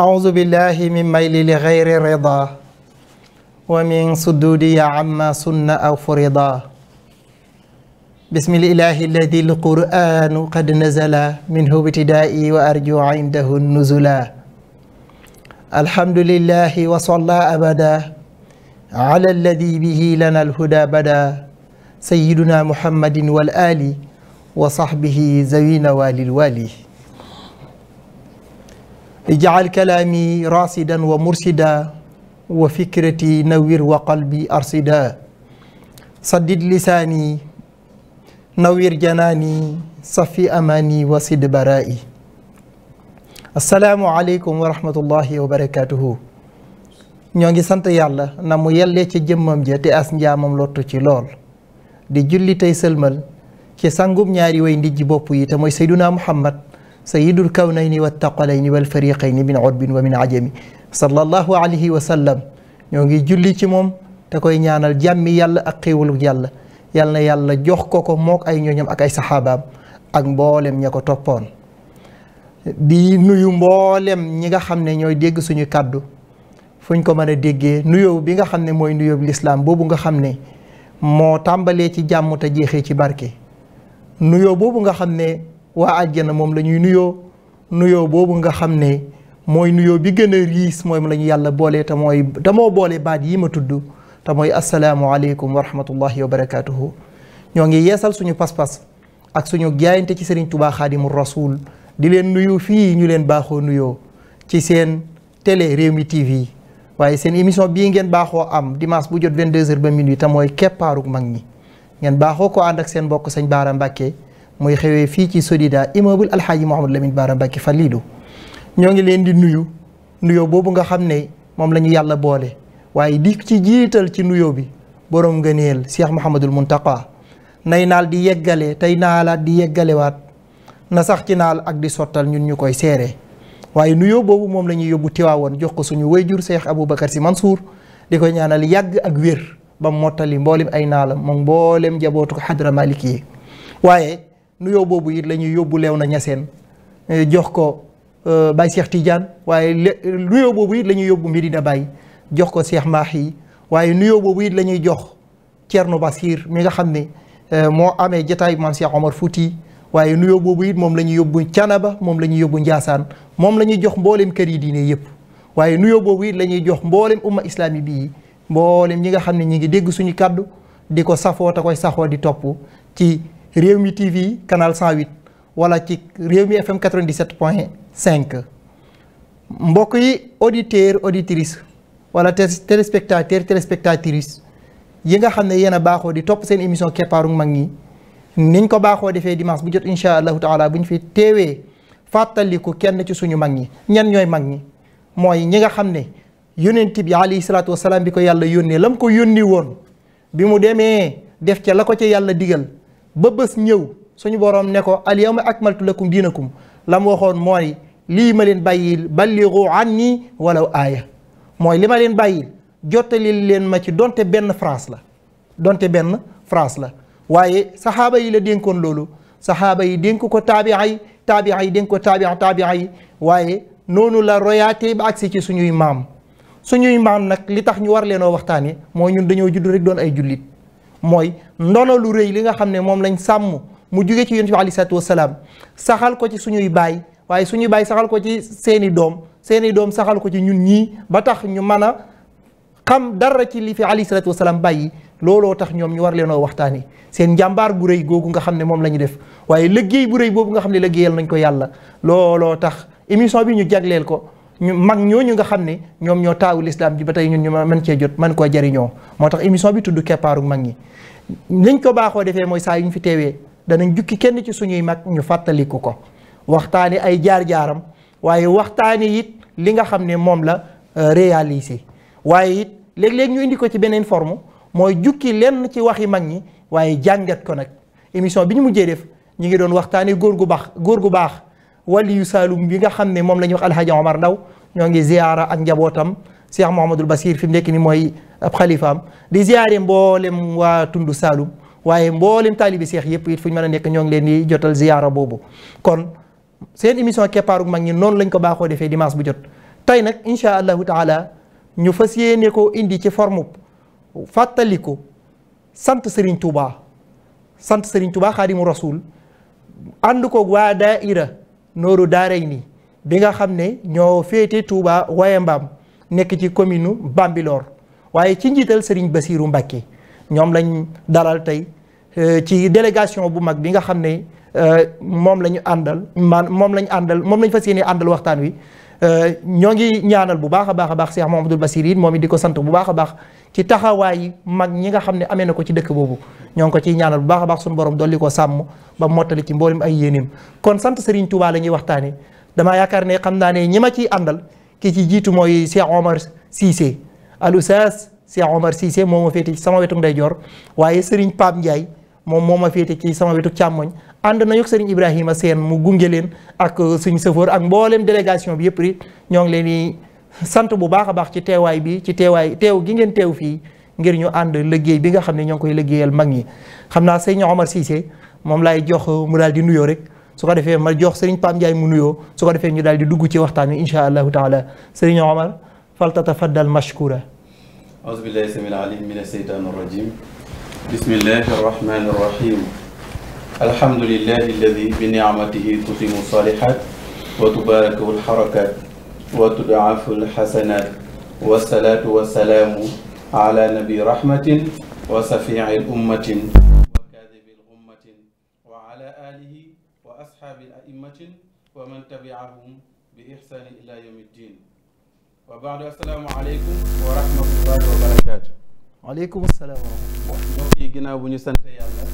أعوذ بالله من ميل لغير رضا ومن صدودي عما سن أو فرضا بسم الإله الذي القرآن قد نزل منه ابتدائي وأرجو عنده النزلا الحمد لله وصلى أبدا على الذي به لنا الهدى بدا سيدنا محمد والآل وصحبه زوين والي الوالي ijaal kalaami rasidan wa mursida wa fikrati nawir wa qalbi arsida saddid lisaani nawir janaani safi amaani wa sid baraa'i asalaamu aleykum wa rahmatullahi wa barakaatuhu ñoo ngi sant yàlla na mu yellee ci jëmmam ja te as njaamam lottu ci lool di julli tey sëlmal ci sangum ñaari way ndijji bopp yi te mooy seyduna muhammad sayyidu lkawnayni wattaqalayni walfariqayni min urabin wa min ajami sallallahu alayhi wa sallam ñoo ngi julli ci moom te koy ñaanal jàmmi yàlla ak xéewalu yàlla yàlla na yàlla jox ko ko mook ay ñooñam ak ay saxaabaam ak mboolem ña ko toppoon di nuyu mboolem ñi nga xam ne ñooy dégg suñu kàddu fu ñu ko mën a déggee nuyoo bi nga xam ne mooy nuyoo lislaam boobu nga xam ne moo tàmbalee ci jàmm te jeexee ci barke nuyoo boobu nga xam ne waa àjjana moom la ñuy nuyoo nuyoo boobu nga xam ne mooy nuyoo bi gën a riis mooy lañu yàlla boole te mooy damoo boole baat yi ma tudd te mooy asalaamualeykum wa rahmatullahi wa barakaatuhu ñoo ngi yeesal suñu pas-pas ak suñu jaayante ci Serigne Touba Xaadimu rasuul di leen nuyu fii ñu leen baaxoo nuyoo ci seen télé Rewmi TV waaye seen émission bii ngeen baaxoo am dimanche bu jot 22h ba minuit te mooy keppaaruk mag ñi ngeen baaxoo ko ànd ak seen mbokk sëñ Baara Mbàkke muy xewee fii ci Sodida immeuble Alxaaji Mouhamadou Lamine Bara Mbacké Falilou ñoo ngi leen di nuyu nuyoo boobu nga xam ne moom la ñu yàlla boole waaye di ci jiital ci nuyoo bi borom ngëneel Cheikh Mouhamadul Muntaqa nay naal di yeggale tey naalaat di yeggalewaat na sax ci naal ak di sottal ñun ñu koy seere waaye nuyoo boobu moom la ñuy yóbbu Tiwaawoon jox ko suñu way jur wayjur Cheikh Aboubacar Sy Mansour di koy ñaanal yàgg ak wér ba mottali mboolem ay naalam moom mboolem jabootu xadra Malik yi waaye nuyoo boobu it la ñuy yóbbu leew na ñaseen eh, jox ko eh, Baye Cheikh Tidiane waaye nuyoo boobu it la ñuy yóbbu Medina Baye jox ko Cheikh Mahi waaye nuyoo boobu it la ñuy jox Thierno Basir mi nga xam ne eh, moo amee jataay maam Cheikh Omar Fouti waaye nuyoo boobu it moom la ñuy yóbbu Canaba moom la ñuy yóbbu Ndiassane moom la ñuy jox mboolem kër yi diine yëpp waaye nuyoo boobu it la ñuy jox mboolem umma islami bii mboolem ñi nga xam ne ñi ngi dégg suñu kàddu di ko safoo te koy saxoo di topp ci réew Rewmi TV canal 108 wala ci Rewmi FM 97 point 5 mbokk yi auditeurs auditrices wala téléspectateurs téléspectatrices yi nga xam ne yéen a baaxoo di topp seen émission keppaaru mag ñi niñ ko baaxoo defee dimanche bu jot incha allahu taala bu ñu fi teewee fàttaliku kenn ci suñu mag ñi ñan ñooy mag ñi mooy ñi nga xam ne yónent bi alayhi salaatu wasalaam bi ko yàlla yónnee mu ko yónni woon bi mu demee def ca la ko ca yàlla digal. ba bës ñëw suñu boroom ne ko al ak akmaltu lakum diinakum la mu waxoon mooy lii ma leen bàyyil balligu anni walaw aaya mooy li ma leen bàyyil jottali leen ma ci donte benn France la donte benn France la waaye saxaaba yi la dénkoon loolu saxaaba yi dénk ko taabi'a yi taabi'a yi dénk ko taabi'a taabi'a yi waaye noonu la royaatee ba agsi ci suñuy maam suñuy maam nag li tax ñu war leenoo waxtaane mooy ñun dañoo judd rek doon ay jullit mooy ndono lu rëy li nga xam ne moom lañ sàmm mu jugee ci yonent bi aleyhi salaatu wasalaam saxal ko ci suñuy baay waaye suñuy baay saxal ko ci seeni doom seeni doom saxal ko ci ñun ñii ba tax ñu mën a xam dara ci li fi aleyhi salaatu wasalaam bàyyi looloo tax ñoom ñu war leen a waxtaanee seen njàmbaar bu rëy googu nga xam ne moom la ñu def waaye liggéey bu rëy boobu nga xam ne liggéeyal nañ ko yàlla looloo tax émission bi ñu jagleel ko. ñu mag ñooñu nga xam ne ñoom ñoo taawu lislaam ji ba tey ñun ñu mën cee jot man koo jariñoo moo tax émission bi tudd keppaaru mag ñi liñ ko baaxoo defee mooy saa yu ñu fi teewee danañ jukki kenn ci suñuy mag ñu fàttaliku ko waxtaani ay jaar-jaaram waaye waxtaani it li nga xam ne moom la euh, réalisé waaye it léeg-léeg ñu indi ko ci beneen forme mooy jukki lenn ci waxi mag ñi waaye jàngat ko nag émission bi ñu mujjee def ñu ngi doon waxtaani góor gu baax góor gu baax waliyu saalum bi nga xam ne moom la ñuy wax alhaji omar ndaw ñoo ngi ziyaara ak njabootam cheikh mohamadul basir fi mu nekk ni mooy ab xalifaam di ziyaare mboolem waa tund saalum waaye mboolem taalibi seex yëpp it fu ñu mën a nekk ñoo ngi leen di jotal ziyaara boobu kon seen émission keppaaru mag ñi noonu lañ ko baaxoo defee dimanche bu jot tey nag incha allahu taala ñu fas yéene ko indi ci forme fàttaliku sant Serigne Touba sant Serigne Touba xaadimu rasul ànd koog waa daaira nooru daaray nii bi nga xam ne ñoo féete Touba mbaam nekk ci commune u Bambilor waaye ci njiital Serigne Bassirou Mbacké ñoom lañ dalal tey euh, ci délégation bu mag bi nga xam ne euh, moom lañu àndal man moom lañ àndal moom lañ fas yéene àndal waxtaan wi Euh, ñoo ngi ñaanal bu baax a baax a baax Cheikh Mouhamadoul Bassir it moom it di ko sant bu baax a baax ci taxawaayi mag ñi nga xam ne amee na ko ci dëkk boobu ñoo ngi ko ciy ñaanal bu baax a baax suñu borom dolli ko sàmm ba mottali ci mboolem ay yéeneem kon sant Serigne Touba la ñuy waxtaane damaa yaakaar ne xam naa ne ñi ma ciy àndal ki ci jiitu mooy si Omar Cissé al Oustaz Cheikh Omar Cissé moo ma féete sama wetu ndeyjoor waaye Serigne paam Ndiaye moom moom ma féete ci sama wetu càmmoñ ànd na yog Serigne Ibrahima seen mu gunge leen ak euh, suñu sëfoor ak mbooleem délégation bi yëpp it ñoo ngi leen di sant bu baax a baax ci teewaay bi ci teewaay teew gi ngeen teew fii ngir ñu ànd liggéey bi nga xam ne ñoo ngi koy liggéeyal mag ñi xam naa sëñ Omar Cissé moom laay jox euh, mu daal di nuyoo rek su ko defee ma jox Serigne Pam Ndiaye mu nuyoo su ko defee ñu daal di dugg ci waxtaan wi incha allahu taala Serigne Omar fal tatafaddal mashkura. auzu billahi samil alim mina seytaan rajim بسم الله الرحمن الرحيم الحمد لله الذي بنعمته تتم الصالحات وتبارك الحركات وتضعف الحسنات والصلاة والسلام على نبي رحمة وسفيع الأمة وكاذب الغمة وعلى آله وأصحاب الأئمة ومن تبعهم بإحسان إلى يوم الدين وبعد السلام عليكم ورحمة الله وبركاته waaleykum salaam wa rahmatulah. ginnaaw bu ñu sante yàlla.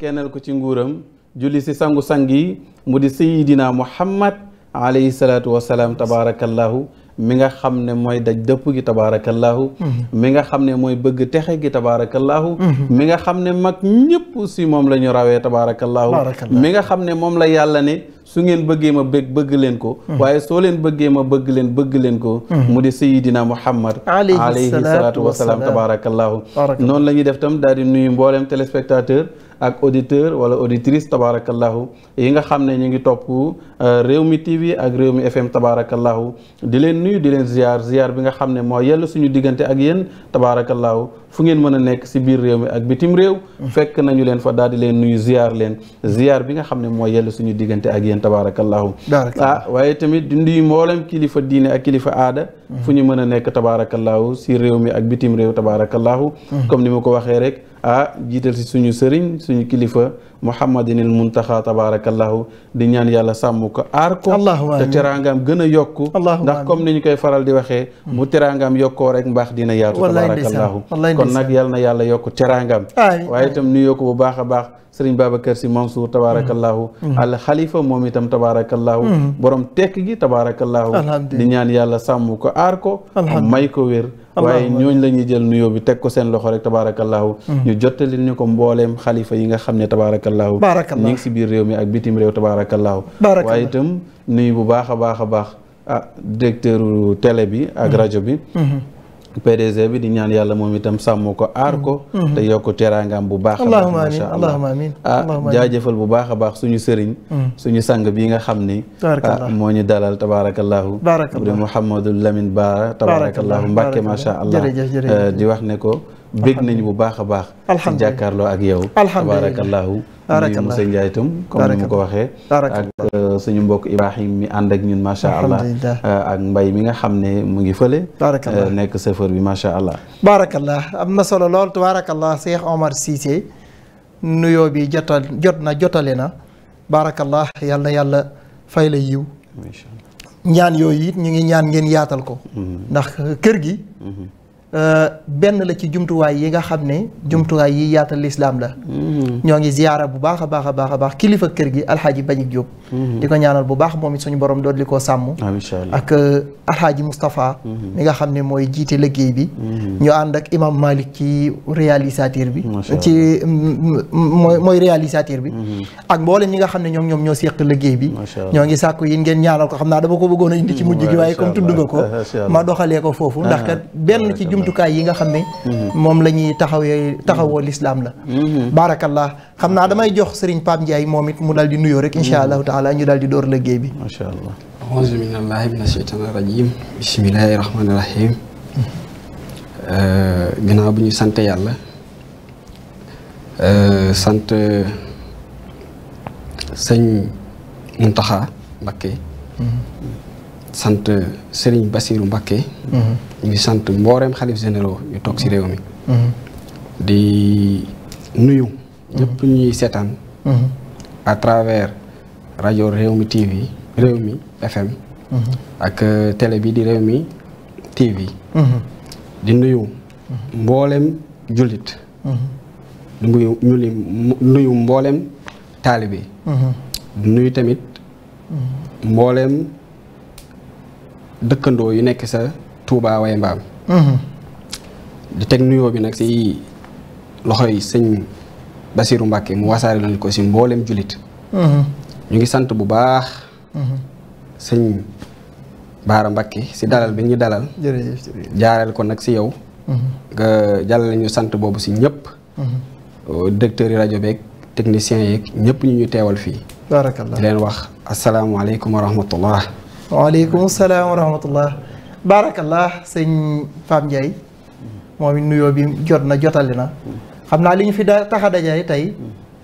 kennal ko ci nguuram. julli si sangu sang yi mu di sayidina muhammad alayhi salaatu wa salaam tabaarakallahu mi nga xam ne mooy daj dëpp gi tabaarakallaahu mm-hmm. mi nga xam ne mooy bëgg texe gi tabaarakallaahu mm-hmm. mi nga xam ne mag ñëpp si moom la ñu rawee tabaarakallaahu mi nga xam ne moom la yàlla ne su ngeen bëggee ma bëgg bëgg leen ko mm-hmm. waaye soo leen bëggee ma bëgg leen bëgg leen ko mu di sayidina muhammad alayhi salaatu wasalaam tabaarakallaahu noonu la ñuy def tam daal nuyu mbooleem téléspectateur ak auditeur wala auditrice tabarakallahu yi nga xam ne ñu ngi topp euh, réew mi TV ak réew mi FM tabarakallahu di leen nuyu di leen ziar ziar bi nga xam ne moo yell suñu diggante ak yéen tabarakallahu fu ngeen mën a nekk si biir réew mi ak bitim réew fekk nañu leen fa daal di leen nuyu ziar leen ziar bi nga xam ne moo yell suñu diggante ak yéen tabarakallahu ah waaye tamit di nuyu mboolem kilifa diine ak kilifa aada fu ñu mën a nekk tabaarakallaahu si réew mi ak bitim réew tabaarakallaahu comme ni ma ko waxee rek ah jiital si suñu sëriñ suñu kilifa muhammadinil muntaxa tabaarakallaahu di ñaan yàlla sàmm ko aar ko te teraangaam gën a yokku ndax comme ni ñu koy faral di waxee mu hmm. teraangaam yokkoo rek mbaax dina yaatu tabaarakallaahu kon nag yàlla na yàlla yokk teraangaam waaye itam nuyoo ko bu baax baax sëriñ Babacar si Mansour tabaarakallaahu mm. mm. al xalifa moom itam tabaarakallaahu mm. borom tekk gi tabaarakallaahu di ñaan yàlla sàmm ko aar ko may ko wér waaye ñooñ la ñuy jël nuyoo bi teg ko seen loxo rek tabaarakallaahu ñu jottali ñu ko mbooleem xalifa yi nga xam ne tabaarakallaahu ñi ngi si biir réew mi ak bitim réew tabaarakallaahu waaye itam nuyu bu baax a baax a baax ah directeur télé bi ak rajo bi mm-hmm. PDG bi di ñaan yàlla moom itam sàmm ko aar ko mm-hmm. Mm-hmm. te yokk teraangaam bu baax a baax masha allah ah jaajëfal bu baax a baax suñu sëriñ mm. suñu sang bi nga xam ni ah, moo ñu dalal tabaarakallahu bu di Mouhamadou Lamine Bara tabaarakallahu Mbàkke masha allah eh, di wax ne ko bég nañu bu baax a baax ci jàkkaarloo ak yow tabaarakallahu nuyu Moussa Ndiaye itam comme ni mu ko waxee suñu mbokk Ibrahim mi ànd ak ñun macha allah euh, ak mbay mi nga xam ne mu ngi fële euh, nekk chauffeur bi macha allah baarakallah am na solo lool tabaarakallah Cheikh Omar Cissé nuyoo bi jotal jot na jotale na baarakallah yàlla yàlla fay la yiw ñaan yooyu it ñu ngi ñaan ngeen yaatal ko mm-hmm. ndax kër gi mm-hmm. Euh, benn la ci jumtuwaay yi nga xam ne jumtuwaay yi yaata lislaam la mm-hmm. ñoo ngi ziyaara bu baax a baax a baax a baax kilifa kër gi alxaaji Bañik Jóob mm-hmm. di ko ñaanal bu baax moom it suñu borom doon li koo sàmm ah, ak euh, alxaaji Moustapha mm-hmm. mi nga xam ne mooy jiite liggéey bi ñu ànd ak imam Malik ci réalisateur bi ci mm, mm, mooy mooy réalisateur bi ak mboolem ñi nga xam ne ñoom ñoom ñoo séq liggéey bi ñoo ngi sàkku yi ngeen ñaanal ko xam naa dama ko bëggoon a indi ci mujj gi waaye comme tudd nga ko ma doxalee ko foofu jumtukaay yi nga xam ne mhm. moom la ñuy taxawee taxawoo mhm. lislaam la mhm. baarakallah xam naa damay jox sëriñ Pape Ndiaye moom it mu daal di nuyoo rek insha allahu taala ñu daal di door liggéey bi macha allah auzu billahi mina shaytani rajim bismillahi rahmani rahim bu ñu sant yàlla sant sëñ taxa Mbakke sant Serigne Bassirou Mbakke di sant mbooreem xalif généraux yu toog ci réew mi mhm. di nuyu ñëpp mhm. ñuy seetaan mhm. à travers rajo réew mi TV réew mi FM ak euh, télé bi di réew mi TV di nuyu mboolem jullit nuyu nuyu mboolem taalibe nuyu tamit mboolem dëkkandoo yu nekk sa Touba way mbaam mhm. di teg bi nag si loxoy sëñ Basiiru Mbàkke mu wasaare lañ ko si mboolem jullit mhm. ñu ngi sant bu baax mhm. sëñ Baara Mbàkke si dalal bi ñu dalal jaareel ko nag si yow nga sant boobu si ñëpp directeur yi rajo beeg technicien yeeg ñëpp ñu ñu teewal fii barakallah leen wax asalaamualeykum wa rahmatullah waaleykum salaam wa baarakallah sëñ Fam Ndiaye moom it nuyoo bi jot na jotale na xam naa li ñu fi da tax a daje tey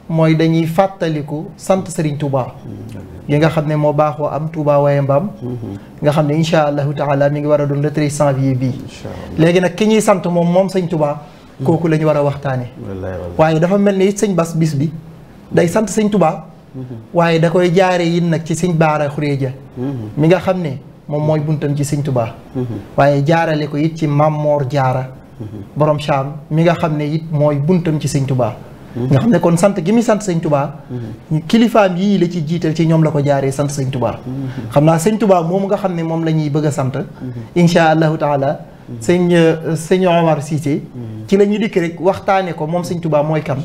mooy dañuy fàttaliku sant Serigne Touba gi nga xam ne moo baaxoo am Touba waaye mbaam nga xam ne incha allahu taala mi ngi war a doon le treize janvier bii léegi nag ki ñuy sant moom moom sëñ Touba hmm. kooku war a waxtaane waaye dafa mel ni sëñ Bas bis bi day sant sëñ Touba hmm. waaye da koy jaare yin nag ci sëñ Baara Xureeja hmm. mi nga xam ne moom mooy buntam ci Sëñ Tuubaa waaye jaarale ko it ci Maam Moor Jaara borom Saam mi nga xam ne it mooy buntam ci Sëñ Tuubaa nga xam ne kon sant gi muy sant Sëñ Tuubaa kilifaam yii la ci jiital ci ñoom la ko jaaree sant Sëñ Tuubaa xam naa Sëñ Tuubaa moom nga xam ne moom la ñuy bëgg a sant insha allahu taala sëñ sëñ Omar Cissé ci la ñu dikk rek waxtaane ko moom Sëñ Tuubaa mooy kan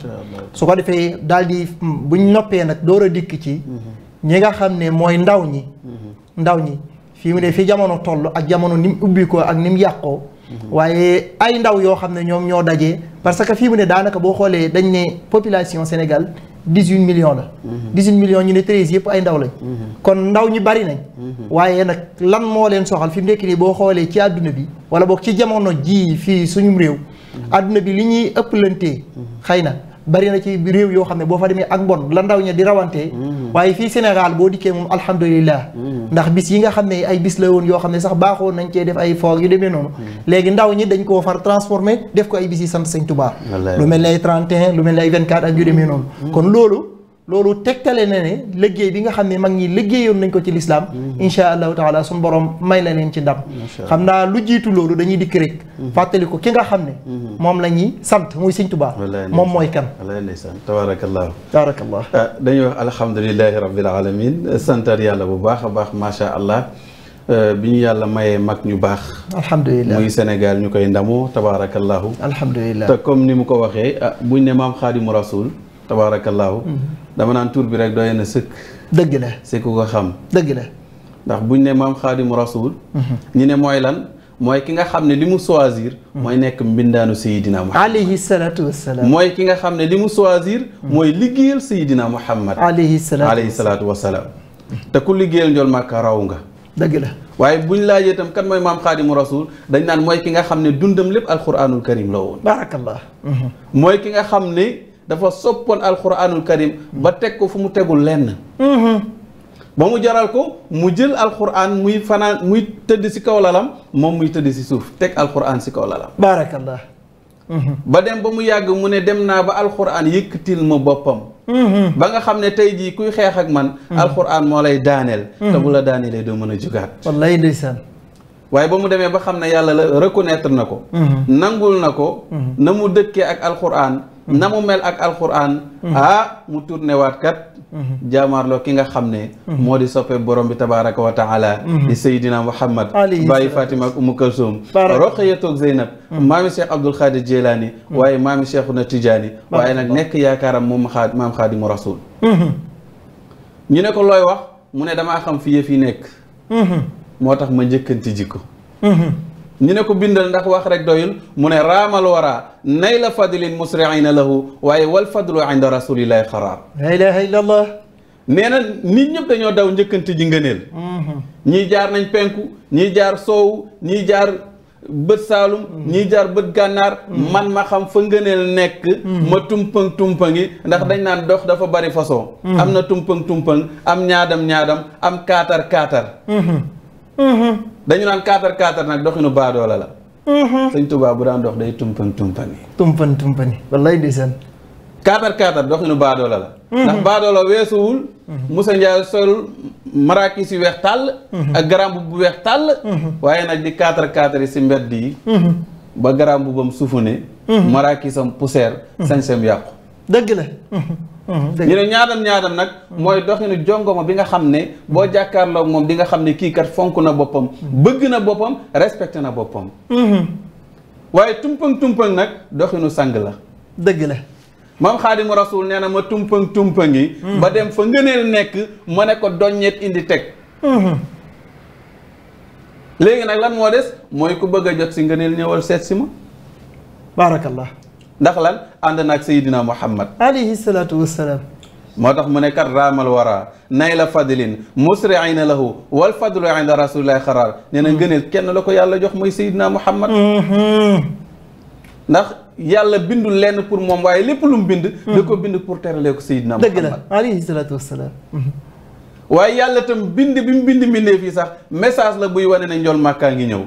su ko defee daal di buñ noppee nag door a dikk ci ñi nga xam ne mooy ndaw ñi ñi fii mu ne fii jamono toll ak jamono ni mu ubbi ko ak ni mu yàqoo mhm. waaye ay ndaw yoo xam ne ñoom ñoo dajee parce que fii mu ne daanaka boo xoolee dañ ne population Sénégal dix-huit million la mhm. dix-huit millions ñu ne treize yëpp ay ndaw lañ mhm. kon ndaw ñi bari nañ waaye nag lan moo leen soxal fi mu nekk nii boo xoolee ci àdduna bi wala boog ci jamono jii fii suñum réew àdduna bi li ñuy ëpp lantee xëy na bari na ci réew yoo xam ne boo fa demee ak mbon la ndaw ña di rawantee mm. waaye fii Sénégal boo dikkee moom alhamdulillah mm. ndax bis yi nga xam ne ay bis la woon yoo xam ne sax baaxoo nañ cee def ay foog yu demee noonu mm. léegi ndaw ñi dañ koo far transformé def ko ay bis yi sant Sëñ Tuubaa lu mel ne ay 31 lu mel ne ay 24 ak yu demee noonu kon loolu loolu tegtale na ne liggéey bi nga xam ne mag ñi liggéeyoon nañ ko ci lislaam mhm. insha allah taala suñ borom may la leen ci ndam xam naa lu jiitu loolu dañuy dikk rek mhm. fàttali ko ki nga xam ne mhm. moom la ñuy sant muy sëñ Tuubaa moom mooy kan wallaahi ndeysaan tabaarakallah tabaarakallah ah, dañuy wax alhamdulilahi rabbil alamin santar yàlla bu baax a baax macha allah ah, bi ñu yàlla mayee mag ñu baax alhamdulilah muy Sénégal ñu koy ndamoo tabaarakallahu alhamdulilah te comme ni mu ko waxee ah, buñ ne maam xaadimu rasul tabaarakallaahu mhm. dama naan tur bi rek doy na sëkk dëgg la sëkk ko dëgg la ndax buñ ne maam xaadimu rasul mhm. ñu ne mooy lan mooy ki nga xam ne li mu choisir mhm. mooy nekk mbindaanu sayidina muhammad alayhi salaatu wasalaam mooy ki nga xam ne li mu choisir mooy liggéeyal sayidina muhammad alayhi salaatu wasalaam te ku liggéeyal njool màkka raw nga dëgg la waaye buñ ñu laajee itam kan mooy maam xaadimu rasul dañ naan mooy ki nga xam ne dundam lépp alquranul karim la woon barakallah mooy ki nga xam ne dafa soppoon alquranul karim ba teg ko fu mu tegul lenn mm-hmm. ba mu jaral ko mu jël alquran muy fanaan muy tëdd si kaw lalam moom muy tëdd si suuf teg alquran si kaw lalam baarakallah mm-hmm. ba dem ba mu yàgg mu ne dem naa ba alquran yëkkatil ma boppam mm-hmm. ba nga xam ne tey jii kuy xeex ak man alquran moo lay daaneel te bu la daaneelee doo mën a jugaat wallaay ndeysaan waaye ba mu demee ba xam ne yàlla la reconnaître na ko nangul na ko na mu dëkkee ak alquran Mm-hmm. na mu mel ak alquran mm-hmm. ah mu tourné waat kat mm-hmm. jaamaarloo ki nga xam ne moo di soppe borom bi tabaraka wa taala di sayidina muhammad bàyyi fatima ak umu kalsum roqaya toog zeynab maami cheikh abdul xaadir jeylaani waaye maami cheikhuna tijaani waaye nag nekk yaakaaram moom xaad maam xaadimu rasul ñu ne ko looy wax mu ne damaa xam fi yëf yi nekk moo tax ma njëkkanti jikko ñu ne ko bindal ndax wax rek doyul mu ne raamal wara nay la fadlin na lahu waaye wal fadlu inda rasulillahi xaraar la ilaha illallah nee na nit ñëpp dañoo daw njëkkante ji ngëneel mhm. ñii jaar nañ penku ñii jaar soowu ñii jaar bët saalum mhm. ñii jaar bët gànnaar mhm. man ma xam fa ngëneel nekk ma tumpang tumpangi ndax dañ naan dox dafa bari façon am na tumpang tumpang am ñaadam ñaadam am kaatar kaatar Mm-hmm. dañu naan kaatar kaatar nag doxinu baadoola la. Mm-hmm. sëñ Tuubaa bu daan dox day tumpan tumpani. tumpan tumpani wallaay ndeysaan. kaatar kaatar doxinu baadoola la. Mm-hmm. ndax baadoola weesuwul. Moussa Ndiaye sol maraakis yu weex tàll. ak garambu bu weex tàll. waaye nag di kaatar kaatar yi si mbedd yi. ba garambu bam suufu ne. maraakisam poussière. sañseem yàqu. dëgg la. ñu ne ñaadam ñaadam nag. mooy doxinu jongoma bi nga xam ne boo jàkkaarloog moom di nga xam ne kii kat fonk na boppam. bëgg na boppam respecté na boppam. waaye tumpang tumpang nag doxinu sang la. dëgg la. maam xaadimu rasuul nee na ma tumpang tumpang yi. ba dem fa ngëneel nekk ma ne ko doññeet indi teg. léegi nag lan moo des mooy ku bëgg a jot si ngëneel ñëwal seet si ma. baarakallah. ndax lan ànd naag Seydina Muhammad alayhi salaatu wassalaam moo tax mu ne kat raamal wara nay la fadlin musriina lahu wal fadlu inda rasulillahi xaraar nee na mm-hmm. ngëneel kenn la ko yàlla jox mooy Seydina Muhammad mm-hmm. ndax yàlla bindul lenn pour moom waaye lépp lu mu bind da mm-hmm. ko bind pour teralee ko Seydina Muhammad dëgg la alayhi salaatu wassalaam waaye yàlla itam bind bi mu bind mbindeef yi sax message la buy wane ne njool màkkaa ngi ñëw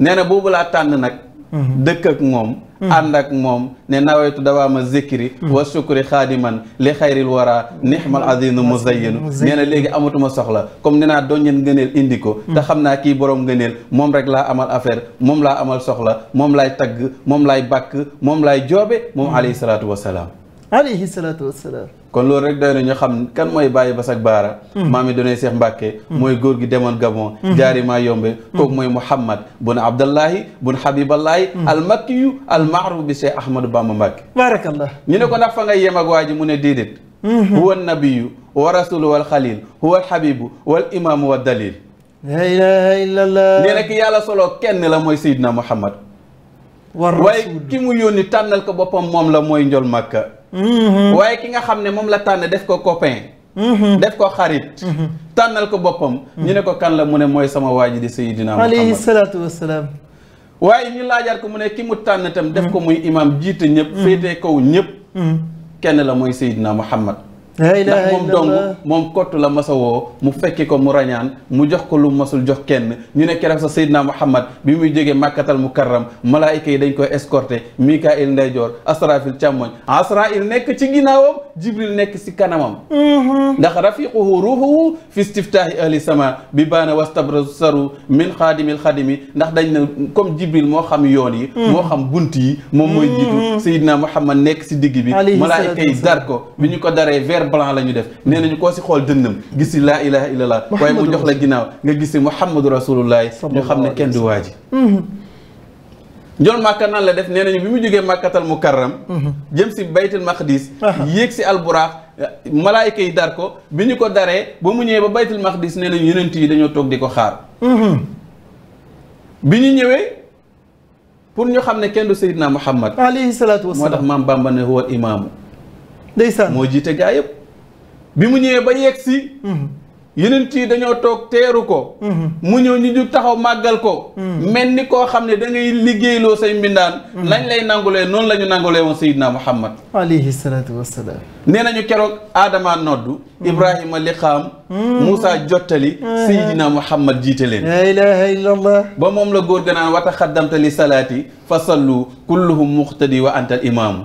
nee na boobu laa tànn nag dëkk ak moom ànd ak moom ne nawetu dawaama zikri wa sukri xaadiman li xayril wara nihmal azinu muzayyinu nee na léegi amatuma soxla comme ne naa doññeen ngëneel indi ko te xam naa kii borom ngëneel moom rek laa amal affaire moom laa amal soxla moom laay tagg moom laay bàkk moom laay joobe moom alayhi salaatu wasalaam alayhi salaatu wassalaam kon loolu rek doy na ñu xam kan mooy bàyyi basak baara hmm. maam yi donay Seex Mbàkke hmm. mooy góor gi demoon Gabon hmm. jaari maa yombe kooku mooy Muhammad bun Abdallahi bun Habiballahi almakkiyu almaaruf bi Seex Ahmadu Bamba Mbàkke barakallah ñu ne ko ndax fa nga yem ak waa mu ne déedéet huwa nabiyu wa rasulu wal xalil huwa alhabibu wal imaamu wa dalil la ilaha illa allah nee ki yàlla solo kenn la mooy Seydina Muhammad waaye ki mu yónni tànnal ko boppam moom la mooy njol Makka Mm-hmm. waaye ki nga xam ne moom la tànn def ko copain. Mm-hmm. def ko xarit. Mm-hmm. tànnal ko boppam. ñu ne ko kan la mu ne mooy sama waa ji di Seydina Muhammad alayhi salaatu wassalaam waaye ñu laajaat ko mu ne ki mu tànn tam def ko muy imam jiite ñëpp. féetee kaw ñëpp. kenn la mooy Seydina Muhammad ndax moom dong moom kott la masa woo mu fekki ko mu rañaan mu jox ko lu masul jox kenn ñu ne keroog sa Seydina Muhammad bi muy jógee màkkatal mukarram malaayika yi dañ koy escorté Mikail ndeyjoor Asrafil càmmoñ Asrail nekk ci ginnaawam Jibril nekk si kanamam mhm. ndax rafiquhu ruuxuhu fi stiftahi ahli sama bi baana wastabra saru min xaadimil xadimi ndax dañ ne comme Jibril moo xam yoon yi mhm. moo xam bunt yi moom mooy jiitu mhm. Seydina Muhammad nekk si digg bi malaayika fer blanc la ñu def nee nañu koo si xool dënnam gis si laa ilaha illallah waaye mu jox la ginnaaw nga gis si muhammadu rasulullahi ñu xam ne kenn du waa ji mmh. njool màkka nan la def nee nañu bi mu jógee màkkatal mukarram mmh. jëm si baytul maqdis yéeg si alburaax malaayika yi dar ko bi ñu ko daree ba mu ñëwee ba baytul maqdis nee nañu yonent yi dañoo toog di ko xaar mmh. bi ñu ñëwee pour ñu xam ne kenn du sayidna muhammad alayhi salaatu wasalaam moo tax maam bàmba ne imaamu ndeysaan moo jiite gaa yëpp bi mu ñëwee ba yegg si mhm. yenent yi dañoo toog teeru ko mhm. mu ñëw ñu jug taxaw màggal ko mhm. mel ni koo xam ne dangay ngay liggéeyloo say mbindaan lañ lay nangulee noonu la ñu nangulee woon sayidna muhammad alayhi salaatu wassalaam nee nañu keroog aadama noddu ibrahima liqaam moussa jottali sayidna muhammad jiite leen la ilaha illallah ba moom la góor ga naan wata xaddamtali salaati fa sallu kulluhum muqtadi wa anta al imaamu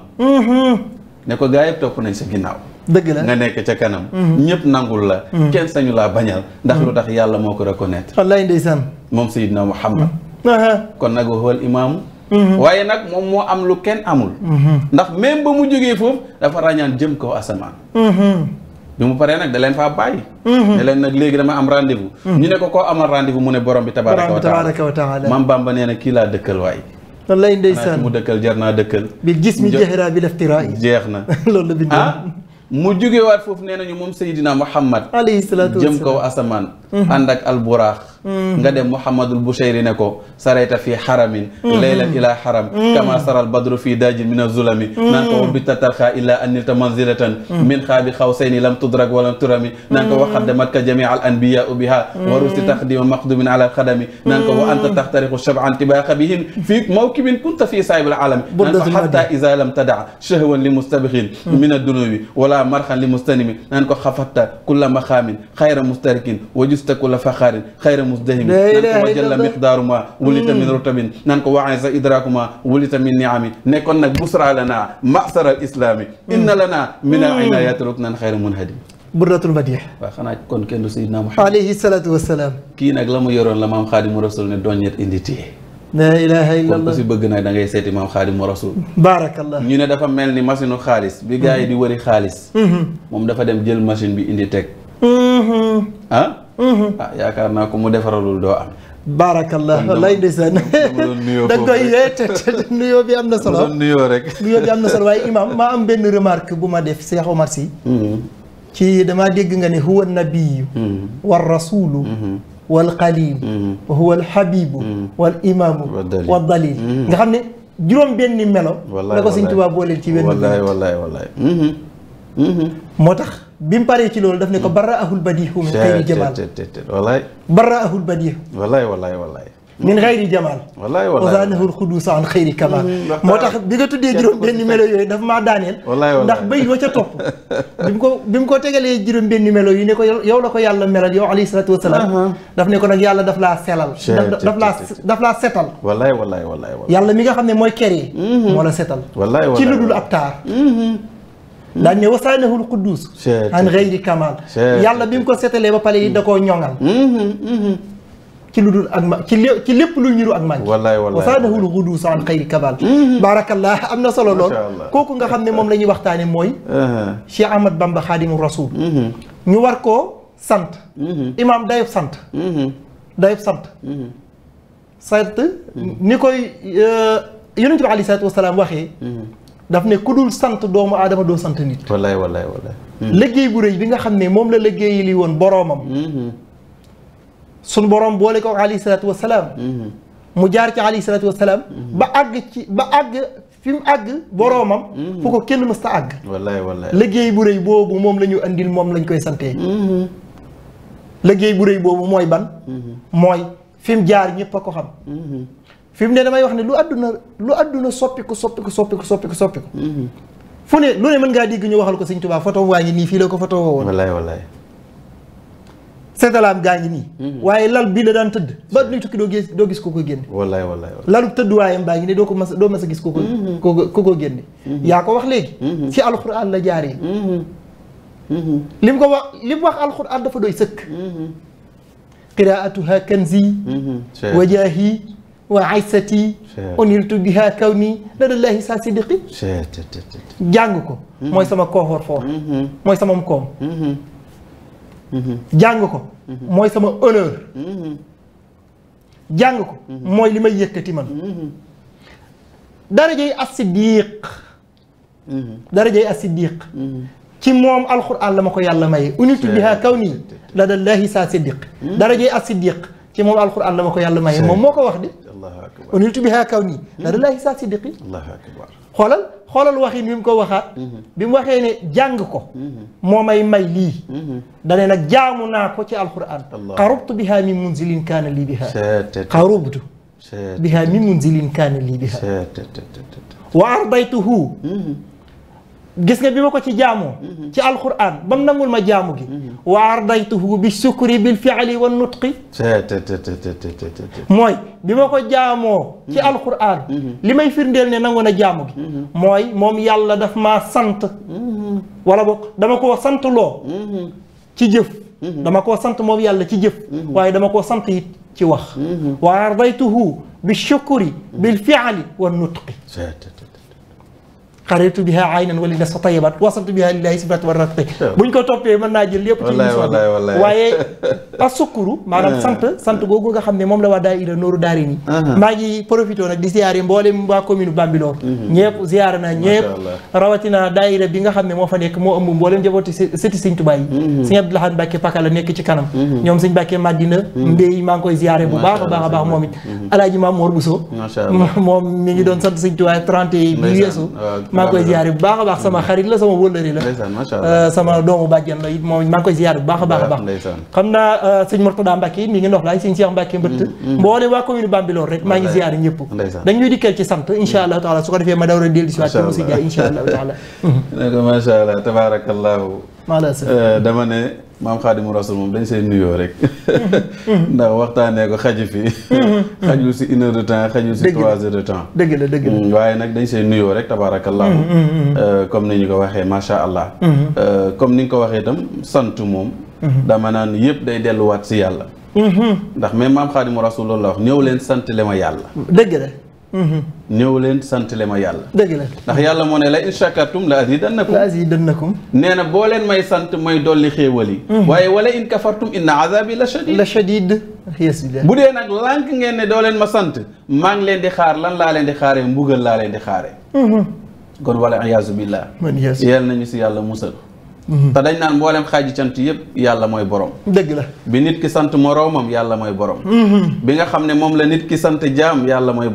ne ko gaa yëpp topp nañ sa ginnaaw dëgg la nga nekk ca kanam mhm. ñëpp nangul la mhm. kenn sañu laa bañal ndax lu mhm. tax yàlla moo ko reconnaître wallaay ndeysaan moom sayidna muhammad kon nag waxwal imaamu waaye nag moom moo am lu kenn amul ndax même ba mu jógee foofu dafa ràññaan jëm kaw asamaan bi mu paree nag da leen faa bàyyi ne leen nag léegi dama am rendez-vous ñu ne ko koo amal rendez-vous mu ne borom bi tabaraka wa taala maam Bamba kii laa dëkkal waay wallaay ndeysaan mu dëkkal jar naa dëkkal. bil jismi jaxiraa bi def tiraa jeex na loolu la ah, mu jógewaat foofu nee nañu moom Seydina Muhammad. alayhi salaatu wa salaam jëm kaw asamaan. Mhm. ànd ak alburaax. Mm-hmm. nga dem Mouhamadul Bouchayri ne ko sarayta fii xaramin mm-hmm. laylan ilaa xaram mm-hmm. kama saral badru fii daajin min azulami naan ko wa bitta tarxaa illaa annilta manzilatan min xaabi xawsayni lam tudrak walam turami naan ko wa xaddamatka jami al anbiyaau biha wa rusi taxdima maqdumin ala xadami naan ko wa anta taxtarixu shaban tibaaxa bihim fii mawkibin kunta fii saahib alalami naan ko xatta ida lam tadaa shahwan li mustabixin min adunuwi wala marxan li mustanimi naan ko xafatta kulla maxaamin xayra mustarikin wa justa kulla faxaarin xayra musdahim naan ko wajalla miqdaaruma wulita min rutamin naan ko waxane sa idrakuma wulita min niami nekkoon nag busra lana masara al islami inna lana min al inayati ruknan xayra munhadim burratul madih waaw xanaa kon kenn du sayidna muhammad alayhi salatu wasalaam kii nag la mu yoroon la maam xaadimu rasul ne doññet indi téye la ilaha illallah kon ku si bëgg nag da ngay seeti maam xaadimu rasul baarakallah ñu ne dafa mel ni machine u xaalis bi gars yi di wëri xaalis moom dafa dem jël machine bi indi teg ah Mm-hmm. ah yaakaar naa ko mu defaralul doo am. baarakallah lay ndeysaan da nga koy yeete nuyoo bi am na solo nuyoo am na solo waaye imam maa am benn remarque bu ma def Cheikh Omar si mm-hmm. ci damaa dégg nga ne huwa nabiyu mm-hmm. wa rasuul wal xalil wa huwa al habibu wal imaamu wa dalil nga xam ne juróom benni melo la ko Sëñ Tuubaa booleel ci benn wallaay moo tax bi mu paree ci loolu daf ne ko barra ahul badihu min xayri jamal walaay barra ahul badihu walaay walaay walaay min xayri jamal walaay walaay wasaanahul xuduusa an xayri kamal mm, moo tax bi nga tuddee juróom benn melo yooyu daf maa daaneel ndax bay wa ca topp bi mu ko bi mu ko tegalee juróom benn melo yi ne ko yow la ko yàlla melal yow alayhi salaatu wasalaam uh-huh. daf ne ko nag yàlla daf laa selal daf laa daf laa setal walaay walaay walaay yàlla mi nga xam ne mooy ker yi mm-hmm. moo la setal ci lu dul ab taar mm-hmm. daañu ne wasaanahul quddus an gayri kamal yàlla bi mu ko seetalee ba pare yi da koo ñoŋal mm-hmm, mm-hmm. ci lu dul ak ma ci lépp ci lépp lu ñuru ak man wallaay wallaay wasaanahul quddus an gayri kamal mm-hmm. baarakallah am na solo lool kooku nga xam ne moom la ñuy waxtaane mooy uh-huh. Cheikh Ahmad Bamba Xaadimu Rasul ñu war koo sant imaam dayob sant dayob sant sant ni koy euh, yonent bi alayhi salaatu wasalaam waxee daf ne ku dul sant doomu aadama doo sant nit. wallaay wallaay wallaay. Hmm. liggéey bu rëy bi nga xam ne moom la liggéeyi li woon boroomam. Hmm. sunu boroom boole ko alayhi salaatu wa salaam. Hmm. mu jaar ci alayhi salaatu wa salaam. ba àgg ci ba àgg fi mu àgg boroomam. ko kenn mës ta àgg. liggéey bu rëy boobu moom la ñu andil moom lañ koy santee. liggéey bu rëy boobu mooy ban. mooy fi mu jaar ñëpp a ko xam. fi mu ne damay wax ne lu àdduna lu àdduna soppiku soppiku soppiku soppiku soppiku mhm. fu ne lu ne mën ngaa dégg ñu waxal ko sëñ Tuubaa photo waa ngi nii fii la ko photo woon wallaay wallaay seetalaam gaa ngi nii mhm. waaye lal bii la daan tëdd ba luy tukki doo gis doo gis ko ko génne wallaay wallaay lalu tëdduwaayam baa ngi ne doo ko mas doo mas a gis ko mhm. ko ko ko génne yaa ko wax léegi ci alxuraan la jaaree li mu ko wax li mu wax alxuraan dafa doy sëkk qiraatuha kanzi wajaahi wa aysati uniltu kaw nii ladallahi sa siddiqi jàng ko mm-hmm. mooy sama kooxoor foor mm-hmm. mooy sama koom mm-hmm. jàng ko mooy sama honneur jàng ko mooy li may yëkkati man darajay as-siddiq darajay as-siddiq ci moom alquran la ma ko yàlla maye uniltu biha kawni ladallahi sa siddiq darajay as-siddiq ci moom alquran la ma ko yàlla maye moom moo ko wax de allahu akbar uniltu bihaa kaw nii hmm. la dalaahi saa siddiqi allahu akbar xoolal xoolal waxin bi mu ko waxaat hmm. bi mu waxee ne jàng ko hmm. moo may may lii dane nag jaamu naa ko ci alquran qarubtu bihaa min munzilin kaana lii bihaa qarubtu bihaa min munzilin kaana lii bihaa wa ardaytuhu gis nga bi ma ko ci jaamoo mhm. ci alquran ba mu nangul ma jaamu gi mhm. wa ardaytuhu bi sukri bil fi'li wa nutqi mooy bi ma ko jaamoo ci mhm. alquran li may firndeel ne nangu na jaamu gi mooy moom yàlla daf maa sant wala boog dama koo sant loo ci jëf dama koo sant moom yàlla ci jëf waaye dama koo sant it ci wax wa ardaytuhu bi sukri bil fi'li wa nutqi xaritu biha aynan wali nas fa tayibat wasaltu biha lillahi sifat wa ratqi buñ ko toppee mën naa jël lépp ci émission bi waaye asukuru maanaam sant sant googu nga xam ne moom la waa daayira nooru daari ni uh-huh. maa ngi profité nag di ziyaare mboolem waa commune Bambilor mm-hmm. ñëpp ziyaare naa ñëpp rawatina bi nga xam ne moo fa nekk moo ëmb mboolem njabooti sëti Sëñ Tuubaa yi mm-hmm. Sëñ ci kanam mm-hmm. ñoom Sëñ Mbàkke Madina Mbéy maa ngi koy ziyaare bu baax a baax a baax moom it alaaji Maam Mor Bousso moom mi ngi doon sant Sëñ Tuubaa 30 yi weesu maa koy ziyaar bu baax baax sama xarit la sama wëllëri la euh, sama doomu bàjjan la it maa koy ziyaar bu baax baax baax xam naa euh, sëñ Mortada Mbacke yi mi ngi ndox laay sëñ Cheikh Mbacke mbëtt mm, mm. mboole waa commune Bambilor rek maa ngi ziyaar ñëpp dañuy dikkal ci sant insha allah su ko defee ma dawra dellu si waat ci musique insha allah taala macha allah maaleykum dama ne maam Xaadimu Rasul moom dañ seen nuyoo rek. ndax waxtaanee ko xaji fi. xajul si une heure de temps xajul si trois heures de temps. dégg la dégg la mm, waaye nag dañ seen nuyoo rek tabaarakallaahu. Mm, mm, euh, comme ni ñu ko waxee macha allah. Mm-hmm. Euh, comme ni nga ko waxee tam sant moom. Mm-hmm. dama naan yëpp day delluwaat si yàlla. Mm-hmm. ndax même maam Xaadimu Rasul loolu la ñëw leen sant le ma yàlla. dëgg la. ñëw leen sant le ma yàlla. dëgg la ndax yàlla moo ne la in shakartum la azidannakum la azidannakum nee na boo leen may sant mooy dolli xéewal yi. Mm-hmm. waaye wala in kafartum a azabi la shadid la shadid bu dee nag lànk ne doo leen ma sant maa ngi leen di xaar lan laa leen di xaaree mbugal laa leen di xaaree. Mm-hmm. kon wala iyaazu billah. yal nañu si yàlla musal. Mm-hmm. te dañ naan mboolem xaaji cant yëpp yàlla mooy borom. dëgg la bi nit ki sant moroomam yàlla mooy borom. bi nga xam ne moom la nit ki sant jaam yàlla mooy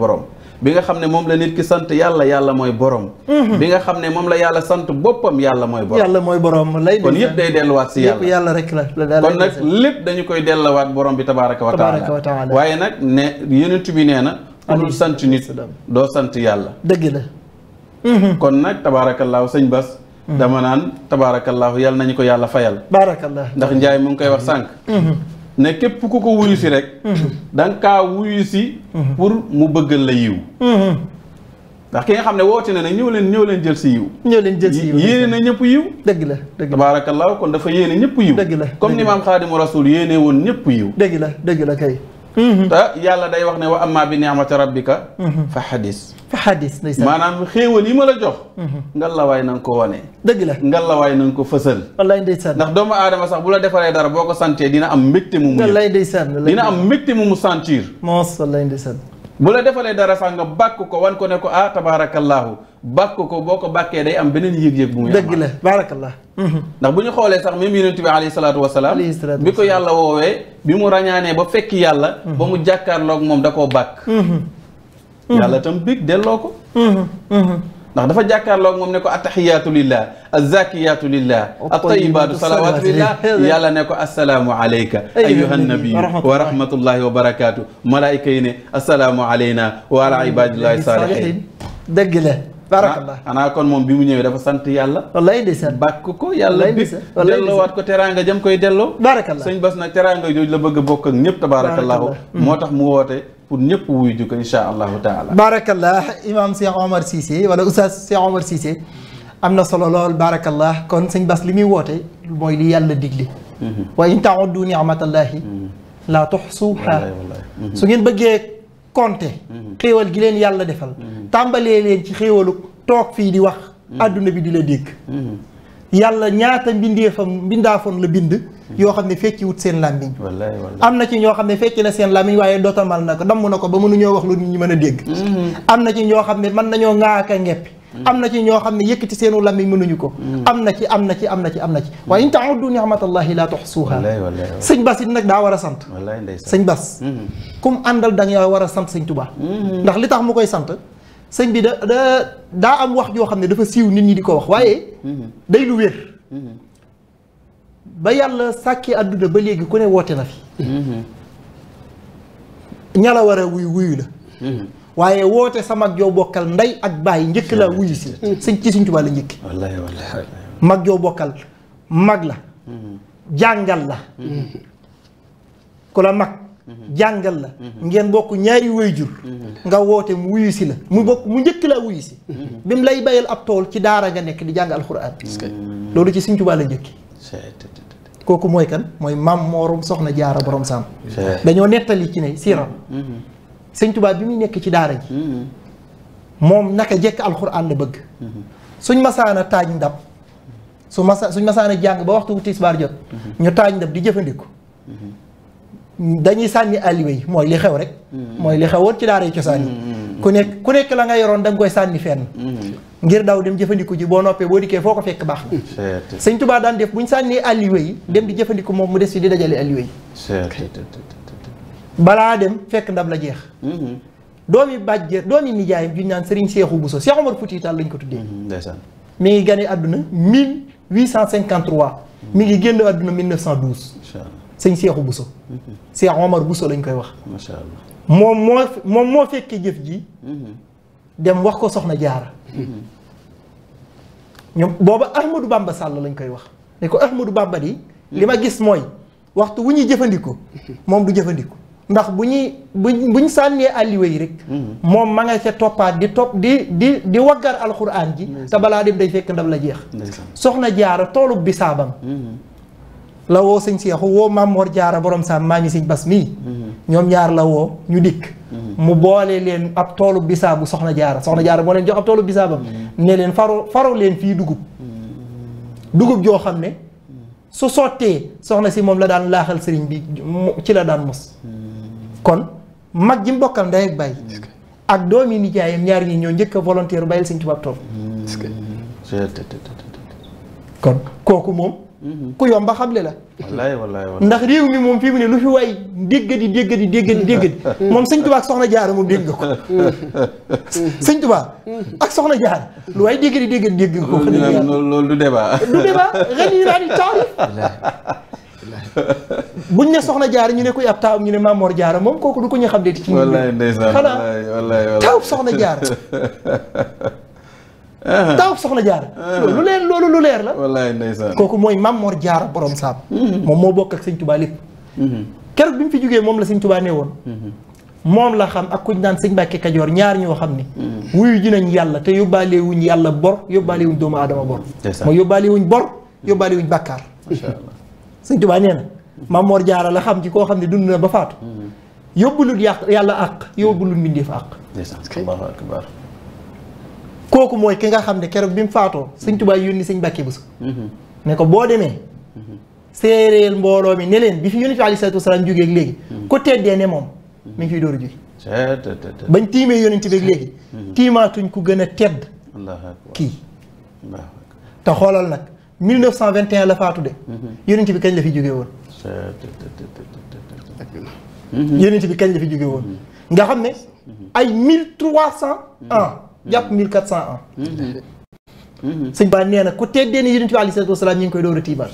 bi nga xam ne moom la nit ki sant yàlla yàlla mooy borom. Mhm. bi nga xam ne moom la yàlla sant boppam yàlla mooy borom. yàlla mooy borom lay kon yëpp day delluwaat si yàlla rek la kon nag lépp dañu koy dellawaat borom bi tabaaraka wa taala waaye nag ne yonent bi nee na. amul sant nit doo sant yàlla. dëgg la. Mhm. kon nag tabaarakallaahu sëñ Bas. Mhm. dama naan tabaarakallaahu yàlla nañu ko yàlla fayal. baarakallaahu ndax Njaay mu ngi koy wax sànq. ne képp ku ko wuyu si rek mhm. da nga wuyu si mhm. pour mu bëggal la yiw mhm. ndax ki nga xam ne woote na ne ñëw leen ñëw leen jël si yiw ñëw leen jël si yiw yéene na ñëpp yiw dëgg la dëgg la tabaarakallahu kon dafa yéene ñëpp yiw dëgg la comme ni maam xaadimu rasul yéene woon ñëpp yiw dëgg la dëgg la kay Mm-hmm. te yàlla day wax ne wa amma bi ni'mati rabbika mm-hmm. fa xadis fa xadis ndeysaan maanaam xéewal yi ma la jox mm-hmm. ngallaawaay na nga ko wane dëgg la ngallaawaay na nga ko fësal wallaay ndeysaan ndax doomu aadama sax bu la defaree dara boo ko santee dina am mbégte mu mu wallaay ndeysaan dina am mbégte mu mu sentir mos wallaay ndeysaan bu la defalee dara sax nga bàkk ko wan ko ne ko ah tabaarakallaahu bàkk ko boo ko bàkkee day am beneen yëg-yëg bu muy dëgg la baarakallah mhm. ndax bu ñu xoolee sax même yonent bi alayhi salaatu wasalaam bi ko yàlla woowee bi mu rañaanee ba fekk yàlla mhm. ba mu jàkkaarloog moom da koo bàkk mhm. yàlla tam bég delloo ko ndax dafa jàkkaarloog moom ne ko attaxiyaatu lillah azzakiyaatu lillah attayibaatu salawaatu lillah yàlla ne ko assalaamu alayka ayuha nabiyu wa rahmatullahi wa barakaatu malaayika yi ne assalaamu alayna wa ala ibadillahi salihin dëgg la barakallah xanaa kon moom bi mu ñëwee dafa sant yàlla bàkk ko yàlla bi delloowaat ko teraanga jëm koy delloo barakallah sëñ bas nag teraanga jooju la bëgg a bokk ak ñëpp tabarakallahu mm. moo tax mu woote pour ñëpp wuy ju ko insha allahu taala barakallah imam Cheikh Omar Cissé wala oustaz Cheikh Omar Cissé am na solo lool barakallah kon sëñ bas li muy woote mooy li yàlla digle mm-hmm. wa in tauddu ma mm-hmm. laa tuxsuha mm-hmm. su ngeen bëggee compter xéewal gi leen yàlla defal tàmbalee leen ci xéewalu toog fii di wax àdduna bi di la dégg yàlla ñaata mbindeefam mbindaafoon la bind yoo xam ne fecci wut seen làmmiñ am na ci ñoo xam ne fecci na seen làmmiñ waaye dotamal na ko damm na ko ba mënuñoo wax lu nit ñi mën a dégg mm-hmm. am na ci ñoo xam ne mën nañoo ŋaaka ngeppi am na ci ñoo xam ne yëkkati seenu làmmiñ mënuñu ko mm. am na ci am na ci am na ci am na ci mm. waaye du ta'uddu ni'matallahi la tuhsuha sañ bas it nag daa war a sant sañ bas mm-hmm. kum àndal da war a sant sëñ Tuubaa mm-hmm. ndax li tax mu koy sant sëñ bi da da daa am wax joo xam ne dafa siiw nit ñi di ko wax waaye mm-hmm. day lu wér ba yàlla sàkkee àdduna ba léegi ku ne woote na fi ñala war a wuyu wuyu la waaye woote sama ak joo bokkal ndey ak bàyyi njëkk laa wuyu si la sëñ ci sëñ Tuubaa la njëkki wallaahi wallaahi mag joo bokkal mag la mm-hmm. jàngal la mm-hmm. ku la mag mm-hmm. jàngal la ngeen bokk ñaari wayjur nga woote mu wuyu si la mu bokk mu njëkk laa wuyu si bi mu lay bayal ab tool ci daara nga nekk di jàng alxuraan loolu ci sëñ Tuubaa la njëkk kooku mooy kan mooy maam moorum soxna jaara boroom saam dañoo nettali ci ne siiram sëñ Tuubaa bi muy nekk ci daara ji mm-hmm. moom naka jekk alxuraan la bëgg mm-hmm. suñ masaana taaj ndab su masa suñ masaana jàng ba waxtu tisbaar jot mm-hmm. ñu taaj ndab di jëfandiku dañuy sànni aliwe yi mooy li xew rek mooy li xew xewoon ci daara yi cosaan yi ku nekk ku nekk la nga yoroon da koy sànni fenn ngir daw dem jëfandiku ji boo noppee boo dikkee foo ko fekk baax na sëñ Tuubaa daan def buñ sànnee aliwe yi dem di jëfandiku moom mu des ci di dajale aliwe yi balaa dem fekk ndab la jeex. Mm-hmm. doomi bàjjee doomi nijaayam ju ñu naan Serigne Cheikhou Bousso Cheikh Omar Fouti taal lañ ko tuddee. Mm-hmm. ndeysaan mi ngi gani àdduna 1853. Mm-hmm. mi ngi génn àdduna 1912. macha allah sëñ Cheikhou Bousso. Cheikh Omar Bousso lañ koy wax. macha allah moom moo moom moo fekkee jëf ji. dem wax ko Soxna Jaara. ñoom booba Ahmadou bàmba sàll lañ koy wax ne ko Ahmadou bàmba di. li ma gis mooy waxtu wu ñuy jëfandiku moom du jëfandiku. ndax bu ñuy bu buñ sànnee alliwe yi rek mhm. moom ma nga ca toppaat di topp di di di waggar alxuraan ji te balaa dem day fekk ndab la jeex soxna jaara toolu bisaabam mhm. la woo sëñ seexu woo Mamor jaara borom saam maa ngi sëñ bas mii mhm. ñoom ñaar la woo ñu dikk mu boolee leen ab toolu bisaabu soxna jaara soxna jaara moo leen jox ab toolu bisaabam ne leen faro faro leen fii dugub dugub joo xam ne su sottee soxna si moom la daan laaxal sëriñ bi ci la daan mos kon mag ji mbokkam bokkal ndey ak baay ak doomi nijaayam ñaar ñi ñoo njëkk a volontaire bàyyil sëñ Tuubaa toog kon kooku moom mhm. ku yomb xam xamle la wallaay wallaay ndax réew mi moom fii mu ne lu fi waay déggadi déggadi déggadi déggadi moom sëñ Tuubaa ak soxna moom dégg nga ko sëñ Tuubaa ak soxna jaara lu waay déggadi déggadi dégg nga ko loolu du débat du débat ren yi naa di taarif buñ ne soxna jaara ñu ne koy ab taawam ñu ne Mamor jaara moom kooku du ko ñu xam deeti ci wallaay ndeysaan xanaa wallaay taawub soxna jaara taawub soxna jaara lu leer loolu lu leer la wallaay kooku mooy Mamor jaara boroom saam mm-hmm. moom moo bokk ak sëñ Tuubaa lépp mm-hmm. keroog bi mu fi jógee moom la sëñ Tuubaa nee mm-hmm. moom la xam ak kuñ naan sëñ Mbàkke Kajoor ñaar ñoo xam ni wuyu ji nañ yàlla te yóbbaale wuñ yàlla bor yóbbaale wuñ doomu aadama bor mooy yóbbaale wuñ bor yóbbaale wuñ bàkkaar sëñ Tuubaa nee na Mamor Jaara la xam ci koo xam ne dund na ba faatu. yóbbulut yàq yàlla àq yóbbulut mbindeef àq. allahu akbar kooku mooy ki nga xam ne keroog bi mu faatoo sëñ Tuubaa yónni sëñ Mbàkke Buso. Mm-hmm. ne ko boo demee. Mm-hmm. séeréel mbooloo mi ne leen bi fi yónni fi aleyhi salaatu wasalaam jógee ak léegi. Mm-hmm. ku teddee moom mi ngi fiy door a bañ tiimee yónent bi ak léegi. tiimaatuñ ku gën a tedd. kii. te xoolal nag 1921 la faatu de. yónent bi kañ la fi jógee woon. Mhm. yonent bi kañ la fi jóge woon mhm. nga xam ne mhm. ay mille trois cent ans jàpp mille quatre cent ans sëñ Ba nee na ku teddee ni yonent bi alayhi salaatu wa salaam ñu ngi koy door a tiibaat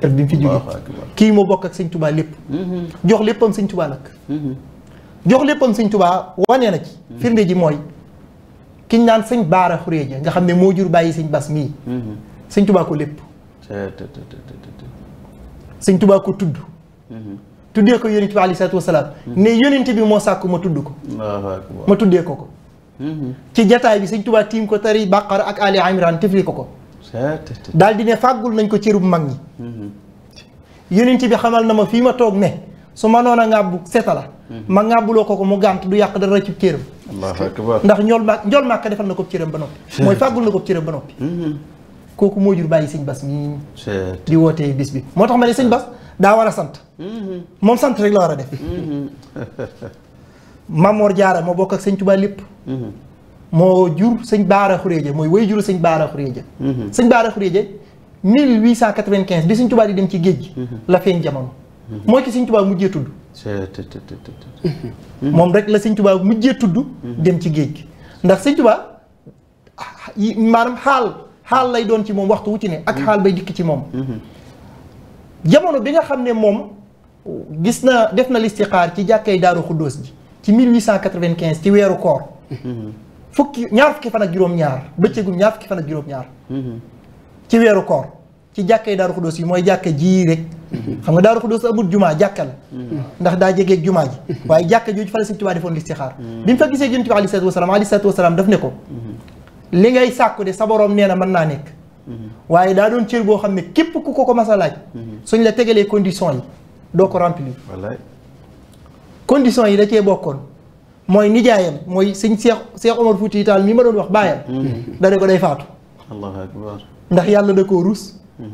te bi mu fi jóge kii moo bokk ak sëñ Tuubaa lépp jox léppam sëñ Tuubaa nag jox léppam sëñ tubaa wanee na ci firnde ji mooy kiñ naan sëñ Baara Xureeja nga xam ne moo jur bàyyi sëñ Bas mii sëñ Tuubaa ko lépp sëñ tubaa ko tudd mhm. tuddee ko yonent bi aleyhi salaatu wasalaam mhm. ne yonent bi moo sàkk ma tudd ko ma tuddee ko ko mhm. ci jataay bi sëñ tubaa tiim ko tari bàqara ak ali imran tifli ko ko daal di ne fàggul nañ ko cërub mag ñi yonent bi xamal na ma fii ma toog ne su ma noon a ngàbbu seta la ma ngàbbuloo ko ko mu gànt du yàq dara cib cëram ndax njool màkk njool màkk defal na ko cëram ba noppi mooy fàggul na ko cëram ba noppi kooku moo jur bàyyi sëñ bas mii. di wootee bis moo tax ma ne sëñ bas daa war a sant. Mm-hmm. moom sant rek la war a def. Mm-hmm. Mamor Jaara moo bokk ak sëñ Tuubaa lépp. Mm-hmm. moo jur sëñ Baara Xuréje mooy way jur sëñ baar Xuréje. sëñ Baara Xuréje 1895 bi sëñ Tuubaa di dem ci géej gi. la feeñ jamono. mooy ki sëñ Tuubaa mujjee tudd. moom rek la sëñ Tuubaa mujjee tudd. dem ci géej gi ndax sëñ Tuubaa ah, maanaam xaal. xaal lay doon ci moom waxtu wu ci ne ak mm-hmm. xaal bay dikk ci moom mm-hmm. jamono bi nga xam ne moom gis na def na listixaar ci jàkkay daaru xuddoos ji ci 1895 ci weeru koor mm-hmm. fukki ñaar fukki fan ak juróom-ñaar bëccëgum ñaar fukki fan ak juróom-ñaar ci weeru koor ci jàkkay daaru xuddoos yi mooy jàkk ji rek xam nga daaru xuddoos amul jumaa jàkka la ndax daa jegeeg jumaa ji waaye jàkka jooju fa la Sëñ Tuubaa defoon listixaar bi mu fa gisee Yonent bi alayhi salaatu salaatu wasalaam daf ne ko li ngay sàkku de sa boroom nee na mën naa nekk. Mhm. waaye daa doon cër boo xam ne képp ku ko ko mas laaj. Mhm. suñ la tegalee conditions yi doo ko remplir. wallaay yi da cee bokkoon mooy nijaayam mooy sëñ Seex Seex Omar Fuuti Taal mi ma doon wax baayam. Mhm. da ne ko day faatu. allahu ndax yàlla da koo ruus.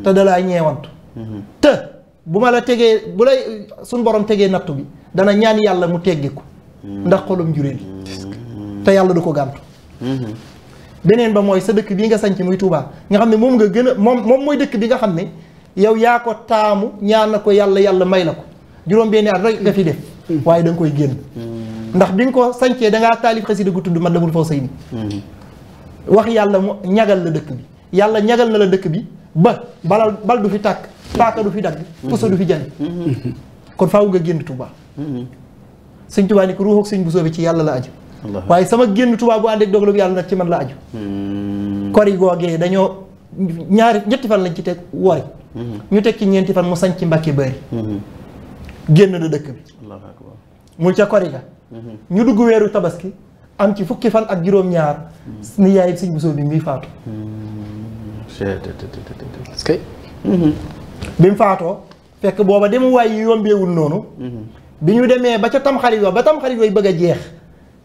te da laa ñeewantu. te bu ma la tegee bu lay suñ borom tegee nattu bi dana ñaan yàlla mu teggi ko. ndax xolum juree te yàlla du ko gàntu. beneen ba mooy sa dëkk bii nga sanc muy Touba nga xam ne moom nga gën a moom moom mooy dëkk bi nga xam ne yow yaa ko taamu ñaan na ko yàlla yàlla may la ko juróom benni at rek nga fi def mm. waaye da koy génn mm. ndax bi ko sancee dangaa taalif xasida gu tudd man la bul faw say ni mm. wax yàlla mu ñagal la dëkk bi yàlla ñagal na la dëkk bi ba balal bal du fi tàkk paaka du fi dagg puso du fi jani kon faw nga génn Touba sëñ Touba ni ko ruux ak sëñ bu soobe ci yàlla la aju waaye sama génn tubaab bu ànd ak dogalu yàlla nag ci man la aju hmm. kori googee dañoo ñaari ñetti fan lañ ci teg wori hmm. ñu teg ci ñeenti fan mu sañ ci Mbàkke Bari hmm. génn na dëkk bi mu ca kori ga ñu dugg weeru tabaski am ci fukki fan ak juróom ñaar ni yaay sëñ Bousso bi muy faatu bi mu faatoo fekk booba dem waay yi yombeewul noonu bi ñu demee ba ca tamxarit wa ba tamxarit way bëgg a jeex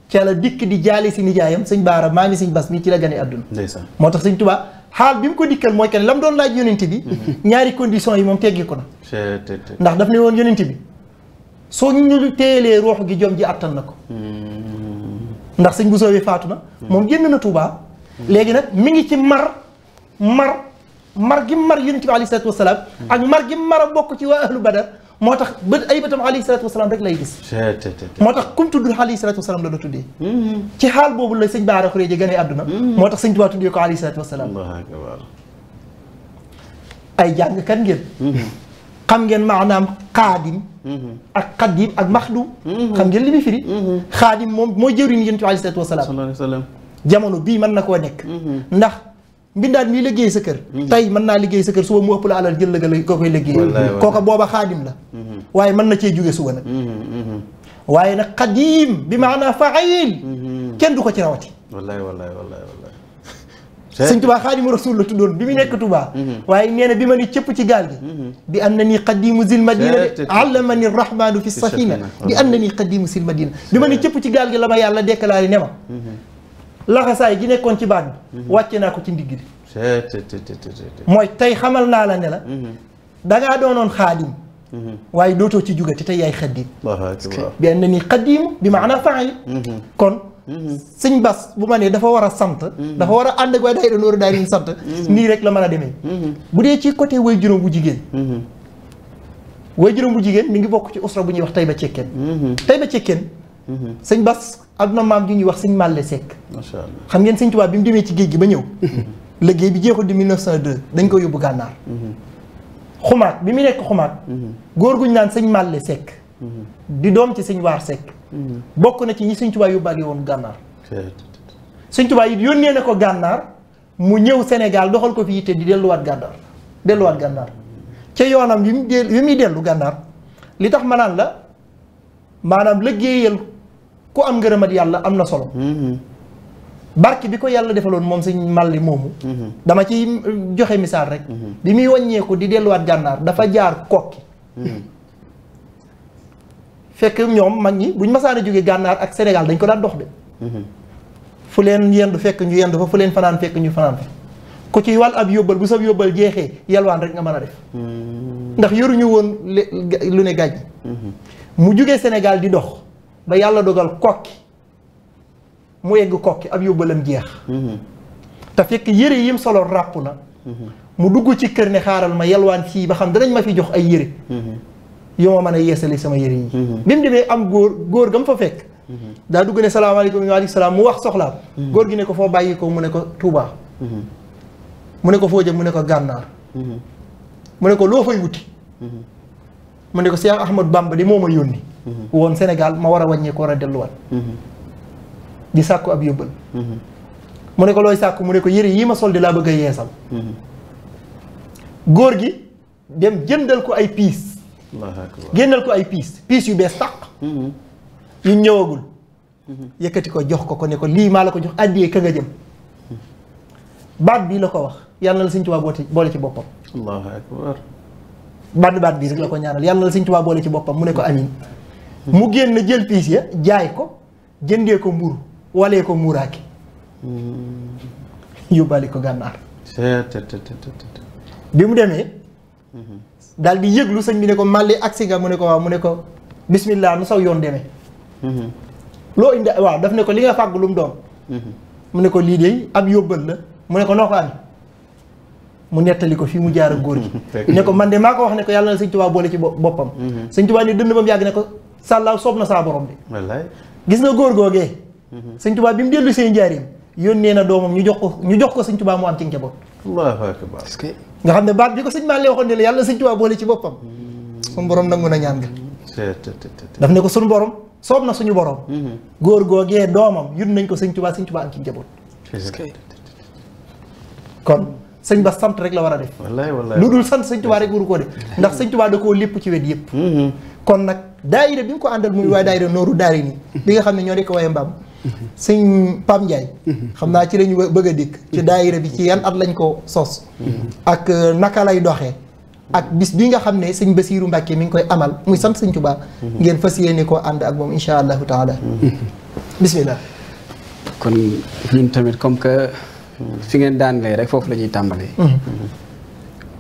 ca la dikk di jaale si nijaayam sëñ baara maa mi sëñ bas mi ci la gane àdduna moo tax sëñ tubaa xaal bi mu ko dikkal mooy kenn la mu doon laaj yonent bi mhm. ñaari condition yi moom teggi na ndax daf ne woon yonent bi soo ñu teelee ruux gi jom ji attan na ko mm. ndax sëñ bu soowee faatu na mm. moom génn na tubaa mm. léegi nag mi ngi ci mar mar mar gi mar yonent bi alayhi salaatu wasalaam ak mar gi mar a bokk ci waa ahlu badar moo tax bët ay bëtam alayhi salaatu wasalaam rek lay gis moo tax kum tudd alayhi salaatu wasalaam la la tuddee mm-hmm. ci xaal boobu la sëñ Baara Xureeje gane àdduna mm-hmm. moo tax sëñ Tuubaa tuddee ko alayhi salaatu wasalaam ay jàng kan ngeen mm-hmm. xam ngeen maanaam xaadim ak xadim ak maxdum xam ngeen li muy firi xaadim moo mooy jëwriñ yonent bi alayhi salaatu wasalaam jamono bii mën na koo nekk ndax mbindaan mii liggéey sa kër mm-hmm. tey mën naa liggéey sa kër suba mu ëpp la alal jël la ko koy liggéey kooka booba xaadim la mm-hmm. waaye mën na cee jóge suba nag mm-hmm, waaye nag xadim bi maanaa faayil kenn du ko ci rawati wallaay wallaay wallaay wallaay sëñ tubaa xaadimu rasul la tuddoon bi mu nekk tubaa waaye nee bi man ni cëpp ci gaal gi bi an na nii qadimu zil madina de allama ni rahmanu fi safina bi an na nii qadimu zil madina bi ma ni cëpp ci gaal gi la ma yàlla déclaré ne ma laxasaay ji nekkoon ci baat bi mhm. wàcce naa ko ci ndigg bi mooy tey xamal naa la ne la mhm. dangaa doonoon xaadim mhm. waaye dootoo ci jugati tey yaay xaddiim bi na nii xaddiim bi ma maanaa faayil kon sëñ bas bu ma nee dafa war a sant dafa war a ànd ak waaye daayira nooru daayira sant nii rek la mën a demee bu dee ci côté way juróom bu jigéen way juróom bu jigéen mi ngi bokk ci usra bu ñuy wax tay ba cekkeen tay ba cekkeen sëñ bas aduna maam ju ñuy wax sëñ Màlle Seck. macha xam ngeen sëñ Tuubaa bi mu demee ci géej gi ba ñëw. liggéey bi jeexul di 1902 dañ koy yóbbu gànnaar. Mm-hmm. xumaat bi mu nekk xumaat. Mm-hmm. góor guñ naan sëñ Màlle Seck. Mm-hmm. di doom ci sëñ Waar Seck. bokk na ci ñi sëñ Tuubaa yóbbaale woon gànnaar. yi yónnee na ko gànnaar mu ñëw Sénégal doxal ko fi yitte di delluwaat gànnaar delluwaat gànnaar ca yoonam yi muy dellu gànnaar li tax ma naan la maanaam liggéeyal. ku am ngërëmat yàlla am na solo mm-hmm. barke bi ko yàlla defaloon moom sëñ màlli moomu mm-hmm. dama ci joxe misaal rek mm-hmm. bi muy waññeeku di delluwaat gànnaar dafa jaar kokki fekk ñoom mag ñi buñ masaana jóge gànnaar ak Sénégal dañ ko daan dox de fu leen yendu fekk ñu yendu fa fu leen fanaan fekk ñu fanaan fa ku ci wàll ab yóbbal bu sa yóbbal jeexee yalwaan rek nga mën a def ndax yoruñu woon lu ne gàjj mu jóge Sénégal di dox ba yàlla dogal kokki mu yegg kokki ab yóbbalam jeex mm-hmm. te fekk yére yim solo ràpp na mm-hmm. mu dugg ci kër ne xaaral ma yalwaan fii ba xam danañ ma fi jox ay yére mm-hmm. yoo ma mën a yeesali sama yére yi bi mu demee am góor góor ga mu fa fekk daa dugg ne salaamaaleykum waaleykum salaam mu wax soxlaam góor gi ne ko foo bàyyi ko mu ne ko Touba. mu ne ko foo jëm mu ne ko gànnaar mu ne ko loo fay wuti mu ne ko Cheikh Ahmad Bamba di moo ma yónni Mm-hmm. woon Sénégal ma war a wàññeeku war a delluwaat. Mm-hmm. di sàkku ab yóbbal. Mm-hmm. mu ne ko looy sàkku mu ne ko yére yi ma sol di laa bëgg a yeesal. góor gi dem jëndal ko ay piis. génnal ko ay piis piis yu bees tàq. yu ñëwagul. yëkkati ko jox ko ko ne ko lii maa la ko jox àddiyee ka nga jëm. baat bii la ko wax yàlla na la Sëñ Tuubaa boole ci boppam. allahu baat baat bii rek la ko ñaanal yàlla na la Sëñ Tuubaa boole ci boppam mu ne ko amiin. mu génn jël piis ya jaay ko jëndee ko mburu walee ko muuraaki hmm. yóbbaale ko gànnaar bi mu demee daal di yëglu sëñ bi ne ko màlli agsi nga mu ne ko waaw mu ne ko bismillah nu saw yoon demee loo indi waaw daf ne ko li nga fàgg lu mu doon mu ne ko lii de ab yóbbal la mu ne ko noo ko amee mu nettali ko fii mu jaar ak góor gi ne ko man de maa ko wax ne ko yàlla na sëñ Tuubaa boole ci boppam sëñ Tuubaa ni dënd ba mu yàgg ne ko sàllaaw soob na saa borom de. gis na góor googee. sëñ Tuubaa bi mu dellu seen jaariñ yónnee na doomam ñu jox ko ñu jox ko sëñ Tuubaa mu am ci njaboot. Allaahu akbar. nga xam ne baat bi ko sañ Maale waxoon ne la yàlla sëñ Tuubaa boole ci boppam. sunu borom nangu na ñaan nga. daf ne ko sunu borom soob na suñu borom. Mm-hmm. góor googee doomam yun nañ ko sëñ Tuubaa sëñ Tuubaa am ci njaboot. kon sëñ ba sant rek la war a def. lu dul sant sëñ Tuubaa rek waru koo def. ndax sëñ Tuubaa da koo lépp ci wet yëpp. Mm-hmm. kon nag. daayira bi nga ko àndal muy waa daayira nooru daari ni bi nga xam ne ñoo ko waaye mbaam sëñ Pam Ndiaye xam naa ci lañu bëgg a dikk ci daayira bi ci yan at lañ ko soos ak euh, naka lay doxee ak bis bi nga xam ne sëñ Basiiru Mbàkke mi ngi koy amal muy sant sëñ Tuubaa ngeen fas yéene koo ànd ak moom insha allahu taala bismillah kon ñun tamit comme que fi ngeen daan daanlee rek foofu lañuy ñuy tàmbalee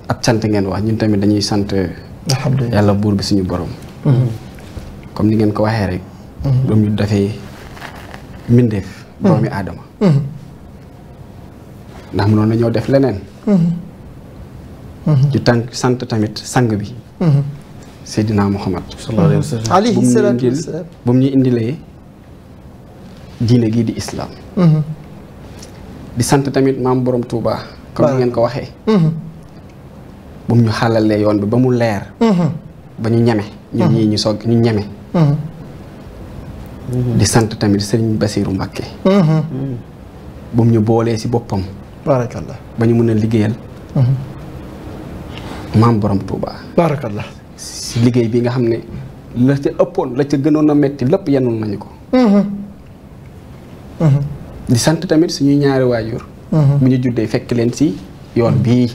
ab sant ngeen wax ñun tamit dañuy sant yàlla buur bi suñu borom comme ni ngeen ko waxee rek. Mhm. doom ju dafay mbindeef. Mhm. doomi aadama. Mhm. ndax mënoon na ñoo def leneen. ci tànk sant tamit sang bi. Seydina Muhammad. sallallahu alayhi wa sallam alayhi bu mu ñu indilee diine gii di islam. di sant tamit maam borom Touba. comme ni ngeen ko waxee. bu mu ñu xàllalee yoon bi ba mu leer. ba ñu ñeme. ñun ñii ñu soog ñu ñeme. Mm-hmm. di sant tamit sëriñ Basiiru Mbàkke bu si boppam baarakallah ba mën a liggéeyal mm-hmm. maam liggéey bi nga xam ne la la ca gënoon a metti lépp yanul nañu ko mm-hmm. tamit suñuy ñaari waajur bu ñu juddee fekk leen si yoon bi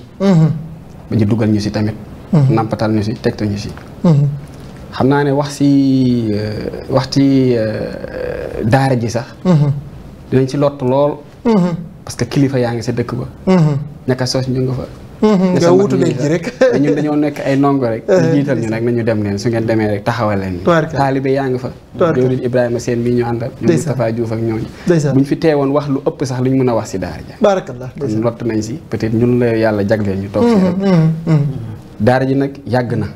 ba ñu dugal ñu si tamit nampatal ñu si tegtal ñu si xam naa ne wax si euh, wax ci euh, daara ji sax. Mhm. dinañ ci lott lool. Mhm. parce que kilifa yaa ngi sa dëkk ba. Mhm. ñaka sos ñu nga fa. nga wutulee ji rek ñun dañoo nekk ay ndongo rek. Eh, jiital ñu nag nañu dem leen su ngeen demee rek taxawal leen. taalibe yaa ngi fa. jawriñ Ibrahima Sène mii ñu àndal. ñu Moustapha Diouf ak ñooñu. buñ fi teewoon wax lu ëpp sax luñ mën a wax si daara ja. barakallah kon lott nañ si peut-être ñun la yàlla jagleel ñu toog si rek. daara ji nag yàgg na.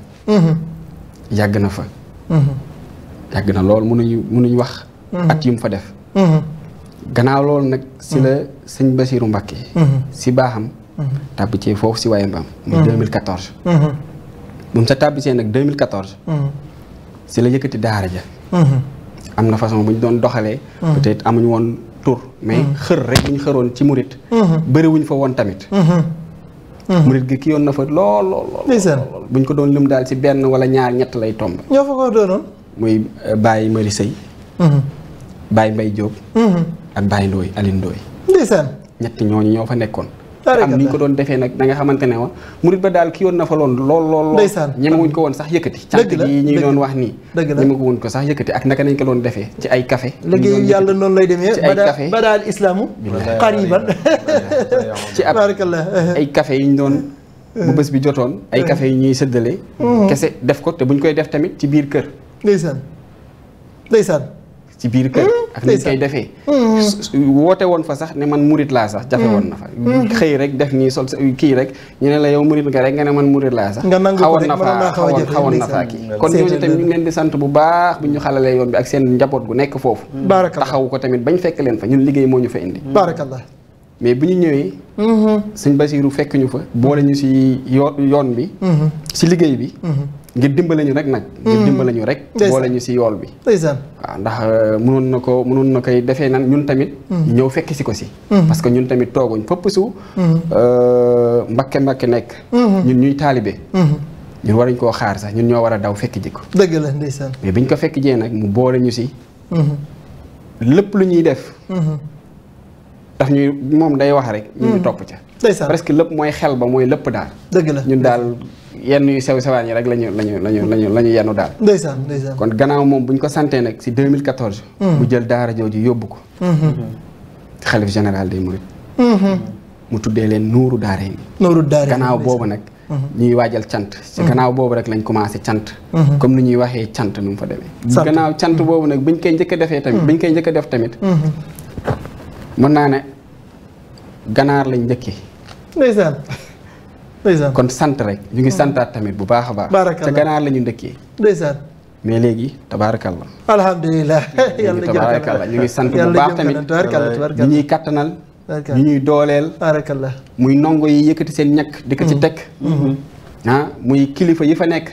yàgg na fa. Mhm. yàgg na lool mënuñu mënuñu wax. Mhm. at yu mu fa def. Mhm. gannaaw loolu nag si la sëñ Basiiru Mbàkke si baaxam. tàbbi ci foofu si waaye mbaam. muy 2014. bu mu sa tàbbisee nag 2014. si la yëkkati daara ja. am na façon bu ñu doon doxalee. peut-être amuñu woon tur mais xër rek bu ñu xëroon ci murit bëri fa woon tamit. Mm-hmm. murit gi ki yoon na fa lool lool lool bu ñu ko doon lim daal ci benn wala ñaar ñett lay tomb ñoo fa ko doonoon muy eh, Baye Mari Sey mm-hmm. Baye Mbay Diop mm-hmm. ak Baye Ndooy Aline Ndooy ndeysaan ñett ñooñu ñoo fa nekkoon am ni ñu ko doon defee nag da nga xamante ne wa murit ba daal ki yoon na fa loon lool lool lool ñemewuñ ko woon sax yëkkati cant gi ñuy doon wax nii ñeme ko woon ko sax yëkkati ak naka nañ ko doon defee ci ay kafe liggéey yàlla noonu lay demee ci ay café badaal islaamu qariban ci ab ay café yi ñu doon bu bés bi jotoon ay kafe yi ñuy sëddale mm-hmm. kese def ko te ñu koy def tamit ci biir kër ndeysaan ndeysaan ci biir kër hmm, ak niñ koy defee hmm. woote woon fa sax ne man murit laa sax jafe woon na fa hmm. xëy rek def nii sol kii rek ñu ne la yow murit nga rek nga ne man murit laa sax xawoon na fa xawoon na fa kii kon ñooñu tamit ñu ngi di sant bu baax bu ñu xalalee yoon bi ak seen njaboot gu nekk foofu taxawu ko tamit bañ fekk leen fa ñun liggéey moo ñu fa indi barakallah mais bu ñu ñëwee sëñ Basiiru fekk ñu fa boole ñu si yoon bi si liggéey bi ngir dimbale ñu rek nag. ngir hmm. dimbale ñu rek. boole ñu si yool bi. ndeysaan waaw ndax euh, mënoon na ko mënoon na koy defee nan ñun tamit. Hmm. ñëw fekk si ko si. Hmm. parce que ñun tamit tooguñ fëpp su. mbakke euh, mbakke nekk. ñun ñuy taalibe. ñun waruñ koo xaar sax ñun ñoo war a daw fekk ji ko. dëgg la ndeysaan. mais biñ ko fekk jee nag mu boole ñu si. lépp lu ñuy def. daf ñuy moom day wax rek. ñu topp ca. ndeysaan presque lépp mooy xel ba mooy lépp daal. dëgg la ñun daal yenn yu sew sewaan yi rek la ñu la ñu la ñu la ñu la ñu yenn daal. ndeysaan ndeysaan kon gannaaw moom bu ñu ko santee nag si 2014. Mm-hmm. mu jël daara jooju yóbbu ko. Mm-hmm. xalif général des mourides. Mm-hmm. mu tuddee leen Nuuru Daarayni. Nuuru Daarayni gannaaw boobu nag. ñuy waajal cant. ci gannaaw boobu rek lañ commencé cant. comme ni ñuy waxee cant nu mu fa demee. gannaaw cant boobu nag biñ koy njëkk a defee tamit. biñ koy njëkk a def tamit. mën naa ndeysaan kon sant rek ñu ngi mm. santaat tamit bu baax a baax baarakallah te ganaar la ñu ndëkkee ndeysaan mais léegi tabaarakallah alhamdulilah yàlla tabaarakallah ñu ngi sant bu baax tamit euh, ñu ñuy kattanal ñu ñuy dooleel muy nongo yi yëkkati seen ñakk di ko ci mm. teg mm-hmm. ah, muy kilifa yi fa nekk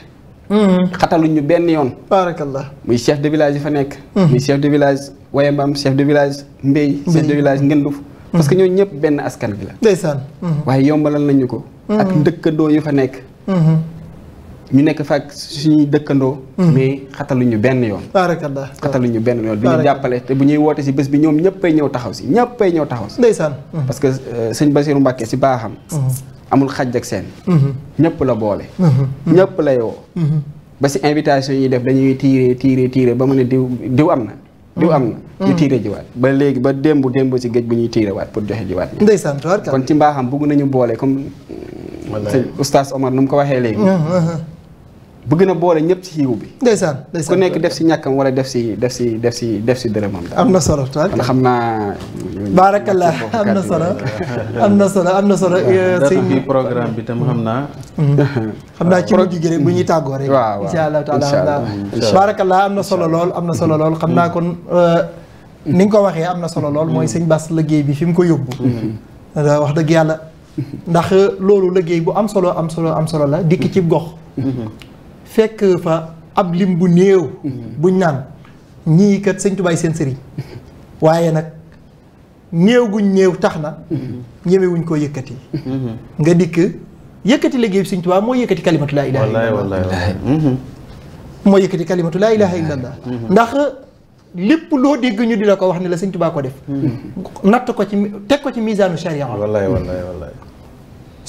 mm-hmm. xataluñ ñu benn yoon baarakallah muy chef de village yi fa nekk mm-hmm. muy chef de village wayambaam chef de village mbéy chef de village ngënduf parce que ñooñu ñëpp benn askan gi la. ndeysaan. waaye yombalal nañu ko. Mm-hmm. ak dëkkandoo yu fa nekk. Mm-hmm. ñu nekk fa ak suñuy dëkkandoo. Mm-hmm. mais xataluñu benn yoon. barakallah xataluñu benn yoon. barakallah du ñu jàppale te bu ñuy woote si bés bi ñoom ñëppay ñëw taxaw si ñëppay ñëw taxaw si. ndeysaan. parce que euh, sëñ Basiru Mbàkke si baaxam. amul xaj ak seen. ñëpp la boole. ñëpp lay woo. ba si invitation yi def dañuy tiire tiire tiire ba mu ne diw diw am na. diw am na mm-hmm. ñu tiire jiwaat ba léegi ba démb démb si géej bi ñuy tiirewaat pour joxe jiwaat ndeysaan kon ci mbaaxam bugg nañu boole comme ustaas Omar nu ko waxee léegi mm-hmm. bëgg na boole ñëpp ci xiiw bi. ndeysaan ndeysaan ku nekk def si ñàkkam wala def si def si def si def si dërëmam. am na solo taal xam naa. baarakallah am na solo am na solo am na solo. sëñ tam xam naa. Mhm. xam naa ci mujj gi bu ñuy tàggoo rek. waaw waaw incha allah am na solo lool am na solo lool xam naa kon. Euh, ni nga ko waxee am na solo lool mooy sëñ Bass liggéey bi fi mu ko yóbbu. Mhm. Euh, wax dëgg yàlla. ndax loolu liggéey bu am solo am solo am solo la dikk ci gox. Mhm. fekk fa ab lim bu néew. Mm-hmm. buñ naan ñii kat sëñ Tuubaa seen sëriñ waaye nag néew guñ néew tax na. Mm-hmm. ñemewuñ koo yëkkati. Mm-hmm. nga dikk yëkkati liggéey bi sëñ Tuubaa moo yëkkati kalimatu laa ilaaha illallaah. wallaahi wallaahi moo yëkkati kalimatu laa ilaaha ndax. lépp loo dégg ñu di la ko wax ne la sëñ Tuubaa ko def natt ko ci teg ko ci misaanu sharia wallaay wallaay wallaay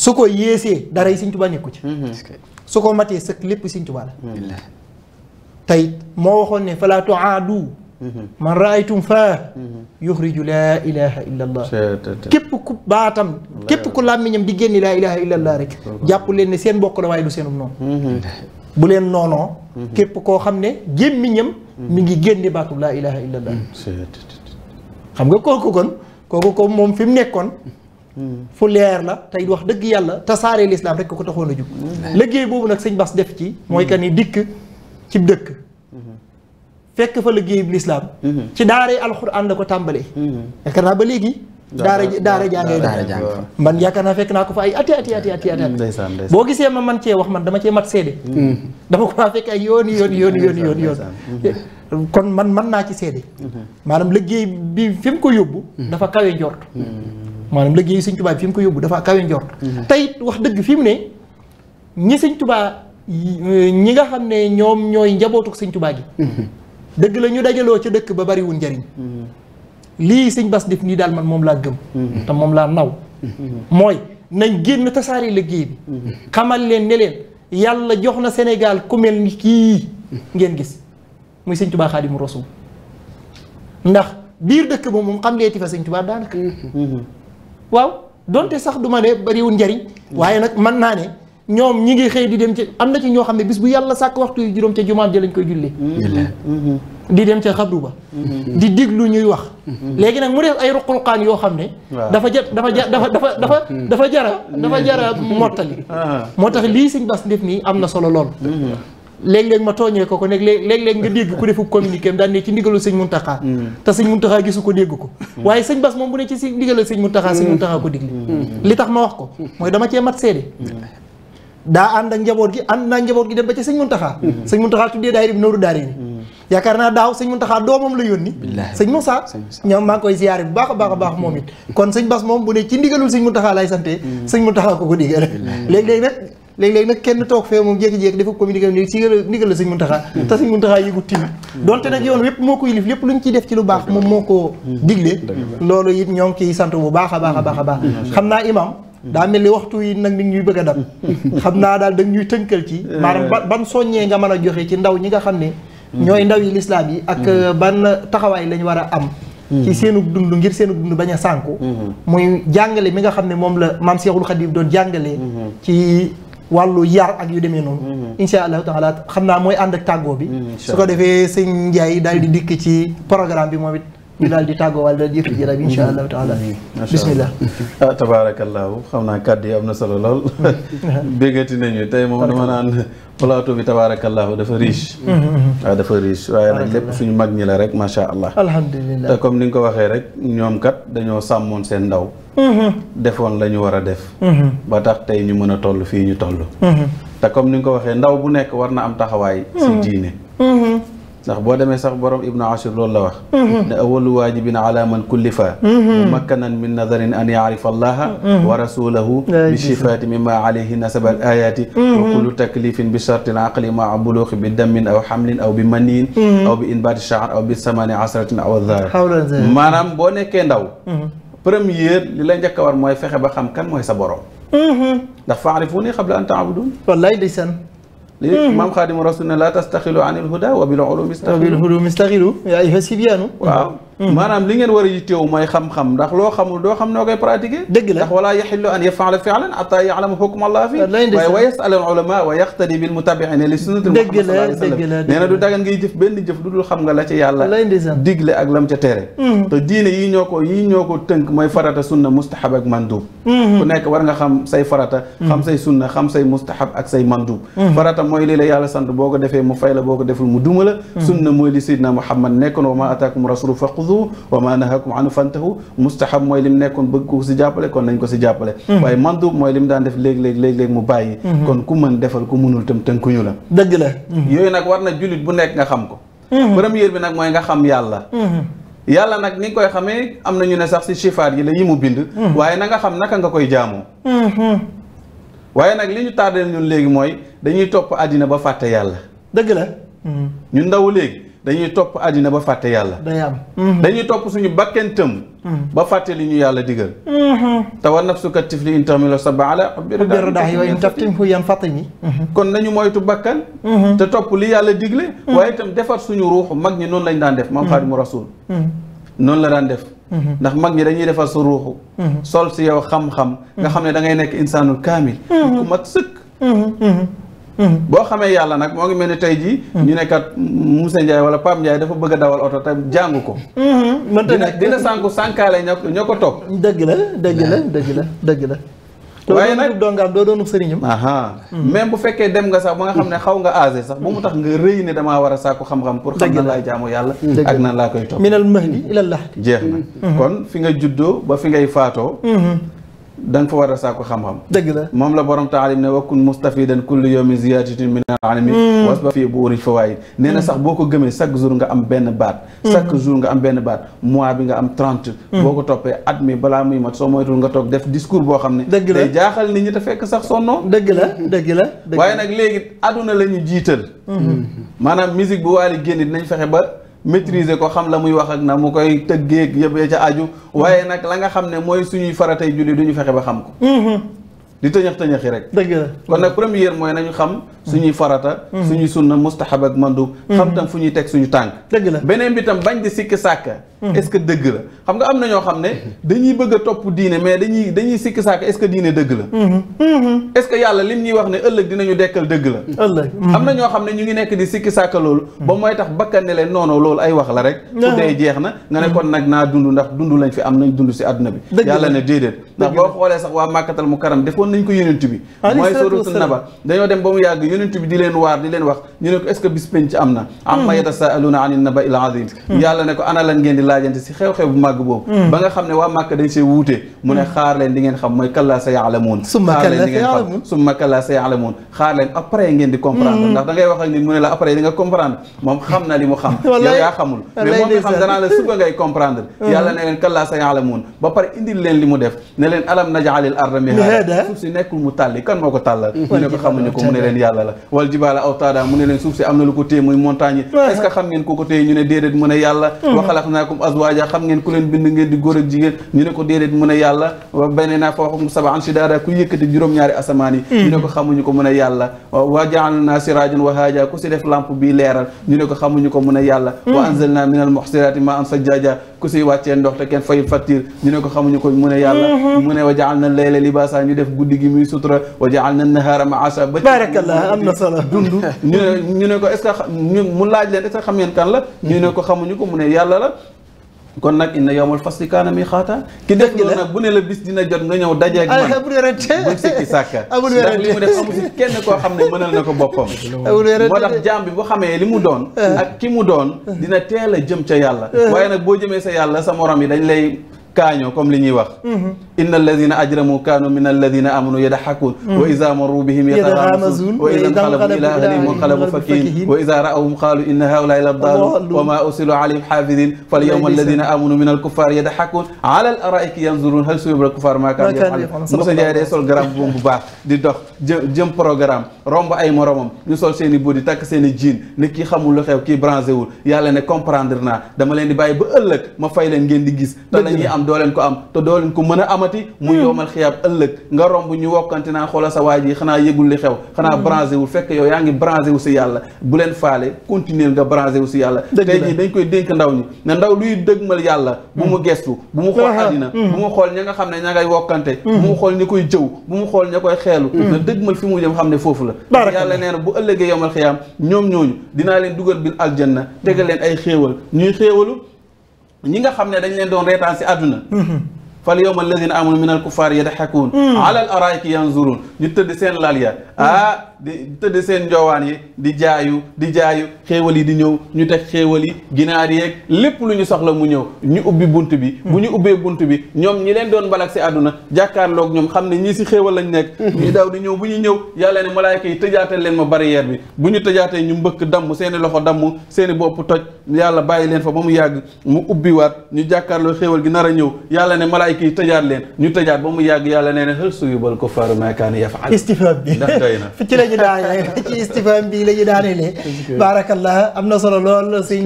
su ko yéesee dara yi sëñ Tuubaa nekku ci su ko matee sëkk lépp Sëñ Tuubaa la tey moo waxoon ne falaa tuaadu mhm. man raaytum faa mhm. yuxriju laa ilaha illa allah képp ku baatam képp ku làmmiñam di génne laa ilaha illa rek jàpp leen ne seen bokk la waaye du seenum noonu mhm. bu leen noonoo képp koo xam ne gémmiñam mi ngi génne baatu laa ilaha illa allah xam nga kooku kon kooku ko moom fi mu nekkoon fu leer la tey wax dëgg yàlla tasaare lislaam rek ko taxoon a jug liggéey boobu nag sëñ Bass def ci mooy kan ni mm-hmm. dikk ci dëkk mm-hmm. fekk fa liggéey bi lislaam mm-hmm. ci daaray alxuraan la ko tàmbalee yaakaar naa ba léegi daara daara jàngee daara man yaakaar naa fekk naa ko fa ay ati ati ati ati ati boo gisee ma man cee wax man dama cee mat seede dama ko faa fekk ay yooni yooni yooni yooni yoon kon man man naa ci seede maanaam liggéey bi fi mu ko yóbbu dafa kawe njort maanaam liggéey sëñ tubaa bi fi mu ko yóbbu dafa kawe njort mhm. tey wax dëgg fi mu ne ñi sëñ tubaa ñi nga xam ne ñoom ñooy njabootuk sëñ tubaa gi mhm. dëgg la ñu dajaloo ca dëkk ba bariwul njariñ mhm. lii sëñ bas def nii daal man moom laa gëm te moom laa naw mooy nañ génn tasaare liggéey bi xamal leen ne leen yàlla jox na senegal ku mel ni kii ngeen gis muy sëñ tubaa xaadimu rasul ndax biir dëkk ba moom xam leeti fa sëñ tubaa daanaka waaw donte sax duma de ne bariwul njariñ waaye nag mën naa ne ñoom ñi ngi xëy di dem ci am na ci ñoo xam ne bis bu yàlla sàkk waxtu yu juróom ca jumaam ja lañ koy jullee di dem ca xabru ba mm-hmm. di diglu ñuy wax mm-hmm. léegi nag mu def ay ruqulqaan yoo xam ne dafa ja dafa ja dafa dafa dafa mm-hmm. dafa jara dafa jara mottali ah. moo tax lii sëñ bas ndef nii am na solo lool léeg-léeg ma tooñee ko ko nekk léeg-léeg nga dégg ku defu communiqué am daan ne ci ndigalu mm. ko dégg ko mm. waaye sëñ Bass moom bu mm. tax ma wax ko mooy dama cee mat seede daa ànd njaboot gi ànd naa njaboot gi dem ba ci sëñ Muntaxa sëñ Muntaxa tuddee daayira bi Nooru Daarayni yaakaar naa daaw sëñ Muntaxa doomam la yónni sëñ Moussa ñoom maa ngi koy ziyaare bu baax a baax baax moom it kon sëñ Bass moom bu ne ci ndigalul sëñ Muntaxa lay sante sëñ Muntaxa ko ko digal léeg-léeg nag léeg-léeg nag kenn toog fee moom jékki-jékki dafa communiqué ni si ndigal la sëñ Muntaxa te sëñ Muntaxa yëgu tim donte moo ko yilif lépp lu ñu ciy lu baax moom moo ko digle loolu it ñoo ngi ciy sant bu baax a baax a baax a baax xam daa ni waxtu yi nag mi ngi ñuy bëgg a dab xam naa daal da ñuy tënkal ci maanaam ban soññee nga mën a ci ndaw ñi nga xam ne ñooy ndaw yi lislaam yi ak ban taxawaay lañ war a am ci seenu dund ngir seenu dund bañ sànku mm-hmm. muy jàngale mi nga xam ne moom la maam Seexul Xadiim doon jàngale mm-hmm. ci wàllu yar ak yu demee noonu. Mm-hmm. incha allahu taala xam naa mooy ànd ak tàggoo bi. Mm-hmm, su ko defee sëñ Ndiaye dal di dikk ci programme bi moom it ñu daal di tàggoo wala daal di yëkkati jërëjëf incha allahu taala. Mm-hmm. bisimilah ah tabaarakallahu xam naa am na solo lool. béggati nañu tey moom dama naan plateau bi tabaarakallahu dafa riche. waaw ah, dafa riche waaye nag lépp suñu mag ñi la rek macha allah. alhamdulilah comme ni nga ko waxee rek ñoom kat dañoo sàmmoon seen ndaw. defoon la ñu war a def mm-hmm. ba tax ñu mën a fi ñu toll mm-hmm. te comme ni ko waxee ndaw bu nekk war na am taxawaay si mm-hmm. diine ndax boo demee sax borom ibnu ashir loolu la wax ne awalu waajibin ala man kullifa mumakkanan min nadarin an yaarifa allaha wa rasulahu bi shifaati mimma alayhi nasaba al ayati wa bi shartin aqli maa buluuxi bi dammin aw xamlin aw bi maniin aw bi inbaati shaar aw bi samani aw dhar maanaam boo nekkee ndaw première li lay njëkk a war mooy fexe ba xam kan mooy sa borom. Mm-hmm. ndax faarifuni qabla an taabudun. wallaay ndeysaan. li maam mm-hmm. Xaadimu Rasul ne laa tastaxilu anil huda wa bil ulumi Mm-hmm. maanaam li ngeen war a yitteewu mooy xam-xam ndax loo xamul doo xam noo koy pratiquer dëgg la ndax wala yaxillu an yafaala fi'lan ataa ya'lamu hukm allah fi waaye wa yas'al al ulama wa yaqtadi bil mutabi'ina li sunnati dëgg la dëgg la nee na du dagan ngay xam say farata mm-hmm. ak say mm-hmm. farata mooy lii la yàlla sant boo ko defee mu fay la boo ko deful mu duma la sunna mooy li sayyidina muhammad nekkoon wa ma ataakum rasulu fa xudu faxudu wa ma nahakum anu fantahu mustahab mooy lim nekkoon bëgg ko si jàppale kon nañ ko si jàppale hmm. waaye mandu mooy lim daan def léeg-léeg léeg-léeg mu bàyyi hmm. Hmm. kon ku mën defal ku mënul tam tënkuñu la dëgg la yooyu nag war na jullit bu nekk nga xam ko première bi nag mooy nga xam yàlla yàlla nag ni nga koy xamee am na ñu ne sax si sifaat la yi mu bind waaye na nga xam naka nga koy jaamoo waaye nag li ñu tardeel ñun léegi mooy dañuy topp àddina ba fàtte yàlla dëgg la ñun ndaw léegi dañuy topp àddina ba fàtte yàlla. day am hmm. dañuy topp suñu bakkentam. Hmm. ba fàtte li ñu yàlla digal. Hmm. te war nafsu kat tifli in tahmilhu sab'an ala yawmin kon nañu moytu bakkan. te topp li yàlla digle. waaye itam defar suñu ruux mag ñi noonu lañ daan def. maam Xaadimu Rasuul. noonu la daan def. ndax mag ñi dañuy defar sa ruuxu. sol si yow xam-xam. nga xam ne da ngay nekk insaanul kaamil. ku mat sëkk. boo xamee yàlla nag moo ngi mel ni tey jii. Mm-hmm. ñu ne kat Moussa Ndiaye wala Pape Ndiaye dafa bëgg a dawal oto te jàngu ko. Mm-hmm. mënta dina dina sànku ñoo ko toog ko topp. dëgg la dëgg la dëgg la dëgg la. waaye nag doo nga am doo doonub sëriñam mm-hmm. même bu fekkee dem nga sax ba nga xam ne xaw nga aase sax ba mu tax nga rëy ne dama war a sàkku xam-xam pour xam nan laay jaamu yàlla ak nan laa koy topp minal mahdi ilal lahdi jeex na kon fi nga juddoo ba fi ngay faatoo da fa war a saako xam-xam dëgg la moom la borom taalim ne wakkun mustafidan kullu yawmin ziyadatin min alami hmm. na hmm. hmm. mi balaa muy ne dëgg la day jaaxal nit ñi te fekk sax waaye nag léegi aduna la jiital maanaam musique bu waali génn dinañ fexe ba maîtriser ko xam la muy wax ak na mu koy tëggeeg yëpp ya ca aju mm-hmm. waaye nag la nga xam ne mooy suñuy faratay julli du ñu fexe ba xam ko mm-hmm. di tëñëx tëñëxi rek. dëgg la kon nag première mooy nañu xam mm-hmm. ñuy farata. suñuy sunna mustahab ak mandub. xam tam fu ñuy teg suñu tànk. dëgg la beneen bi tam bañ di sikki sàkk. est-ce que dëgg la xam nga am na ñoo xam ne dañuy bëgg a topp diine mais dañuy dañuy sikki saaka est diine dëgg la mm-hmm. est yàlla lim ñuy wax ne ëllëg dinañu dekkal dëgg la ëllëg mm-hmm. am na ñoo xam ne ñu ngi nekk di sikki saaka loolu ba mooy tax bakkan ne leen noono loolu ay wax la rek su dee jeex na nga ne nag naa dund ndax dund lañ fi am nañ dund si àdduna bi yàlla ne déedéet ndax boo xoolee sax waa màkkatal mu karam defoon nañ ko yonent bi mooy suratul na mm-hmm. laajante si xew-xew bu màgg boobu mm. ba nga xam ne waa màkk dañ see wuute mu ne mm. xaar leen di ngeen xam mooy kallaa sa yaalamuun xaar leen di ngeen suuf si nekkul mu tàlli kan moo ko tàllal mu mm-hmm. ne xamuñu ko mu ne leen yàlla la wal jibaala awtaada mu ne leen suuf si am na lu ko téye muy montagne yi est xam ngeen ku téye ñu ne déedéet mu ne yàlla mm-hmm. wa xalaqnaakum lakum azwaaja xam ngeen ku leen bind ngeen di góor ak jigéen ñu ne ko déedéet mu ne yàlla benee naa fooxum sabaan shidaada ku yëkkati juróom-ñaari asamaan yi ñu ne ko xamuñu ko mu ne yàlla wa jaalna siraajan wa haaja ku si def lampe bii leeral ñu ne ko xamuñu ko mu ne yàlla wa hmm. anzalna minal muhsiraati maan sajjaaja ku si wàccee ndox te kenn fayu facture ñu ne ko xamuñu ko mu yàlla hmm. mu ne wa jaalna layla libaasa ñu def guddi gi muy sutura wa jaalna nahaara maasa ba barakallah am na solo dund ñu ne ñu ne ko est-ce mu laaj leen est xam ngeen kan ñu ne ko xamuñu ko mu ne yàlla la kon nag inna yowmal fasli kaana miiqaata ki def loolu nag bu ne la bis dina jot nga ñëw dajeeg man amul wérante bu sikki sàkka amul wérante ndax li mu def amul si kenn koo xam ne mënal na ko boppam moo tax jaam bi bu xamee li mu doon eh. ak ki mu doon dina teel a jëm ca yàlla eh. waaye nag boo jëmee sa yàlla sa morom yi dañ lay kaañoo comme li ñuy wax mm-hmm. inna alladina ajramu kaanu min alladina amanu yadxakuun wa ida maru bihim yataxaamasuun wa ida nqalabu ila ahlihim inqalabu fakihin wa ida raawhum qaalu inna haulaai labdaalu wa maa ursilu alayhim xaafidin falyawma alladina amanu min alkuffar yadxakuun ala al araiki yanzuruun hal suyibal kuffar maa kaanu yafalun Moussa Ndiaye day sol garam bu baax di dox jë jëm programme romb ay moromam ñu sol seen i bodi takk seen i jean ne kii xamul lu xew kii branché wul yàlla ne comprendre naa dama leen di bàyyi ba ëllëg ma fay leen ngeen di gis te dañuy am doo leen ko am te doo leen ko mën a am amati mu hmm. yowmal xiyaab ëllëg nga romb ñu wokkante naa xoola sa waa ji xanaa yëgul hmm. wu fekk yow yaa ngi branché wu si yàlla bu leen faale continuer nga branché wu si yàlla tey jii dañ koy dénk ndaw ñi ne ndaw luy dëgmal yàlla bu mu hmm. gestu bu mu xool àddina bu mu xool ña nga ne ña ngay wokkante bu mu xool koy jëw bu mu xool ña koy xeelu na dëgmal fi mu jëm xam ne foofu la yàlla nee na bu ëllëgee yowmal xiyaam ñoom ñooñu dinaa leen dugal bil aljanna tegal leen ay xéewal ñuy xéewalu ñi nga xam ne dañ leen doon reetaan si àdduna fal yawma alladina amanu min al kuffar yadxakuun ala al araiki yanzuruun ñu tëdd seen laal ya ah di tëdd seen njoowaan yi di jaayu di jaayu xéewal yi di ñëw ñu teg xéewal yi ginaar yeeg lépp lu ñu soxla mu ñëw ñu ubbi bunt bi bu ñu ubbee bunt bi ñoom ñi leen doon balak si àdduna jàkkaarlook ñoom xam ne ñii si xéewal lañ nekk ñuy daw di ñëw bu ñu ñëw yàlla ne malaayka yi tëjaatal leen ma barrière bi bu ñu tëjaatee ñu mbëkk damm seeni loxo damm seeni bopp toj yàlla bàyyi leen fa ba mu yàgg mu ubbi waat ñu jàkkaarloo xéewal gi nar a ñëw yàlla ne malaayka yi tëjaat leen ñu tëjaat mu yàgg yàlla nee ne ko faaru maakaan yafaal ñu daane ci istifham bi la ñu daane am na solo lool sëñ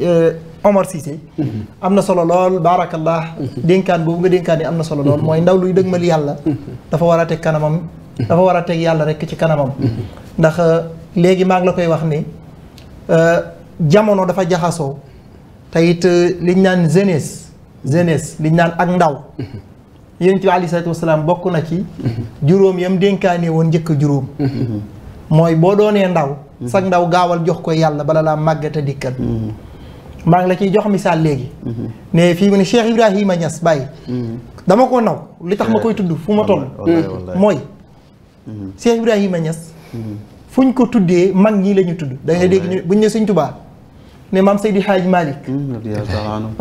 euh, Omar Cissé mm-hmm. am na solo lool baarakallah mm-hmm. dénkaan boobu nga dénkaan am na solo lool mm-hmm. mooy ndaw luy dëgmal yàlla dafa war a teg kanamam dafa war a teg yàlla rek ci kanamam ndax euh, léegi maa ngi la koy wax ni euh, jamono dafa jaxasoo te it liñ naan jeunesse jeunesse liñ naan ak ndaw yonent ci aleyhi salaatu wasalaam bokk na ci juróom yam dénkaane woon njëkk juróom mooy boo doonee ndaw sag ndaw gaawal jox ko yàlla bala laa màggata a maa ngi la ciy jox misaal léegi ne fii mu ne Cheikh Ibrahima Niass Baye dama ko naw li tax ma koy tudd fu ma toll mooy Cheikh Ibrahima Niass fuñ ko tuddee mag ñi la ñu tudd da ngay dégg ñu ne Sëñ Tuubaa ne maam Seydi Hadj Malick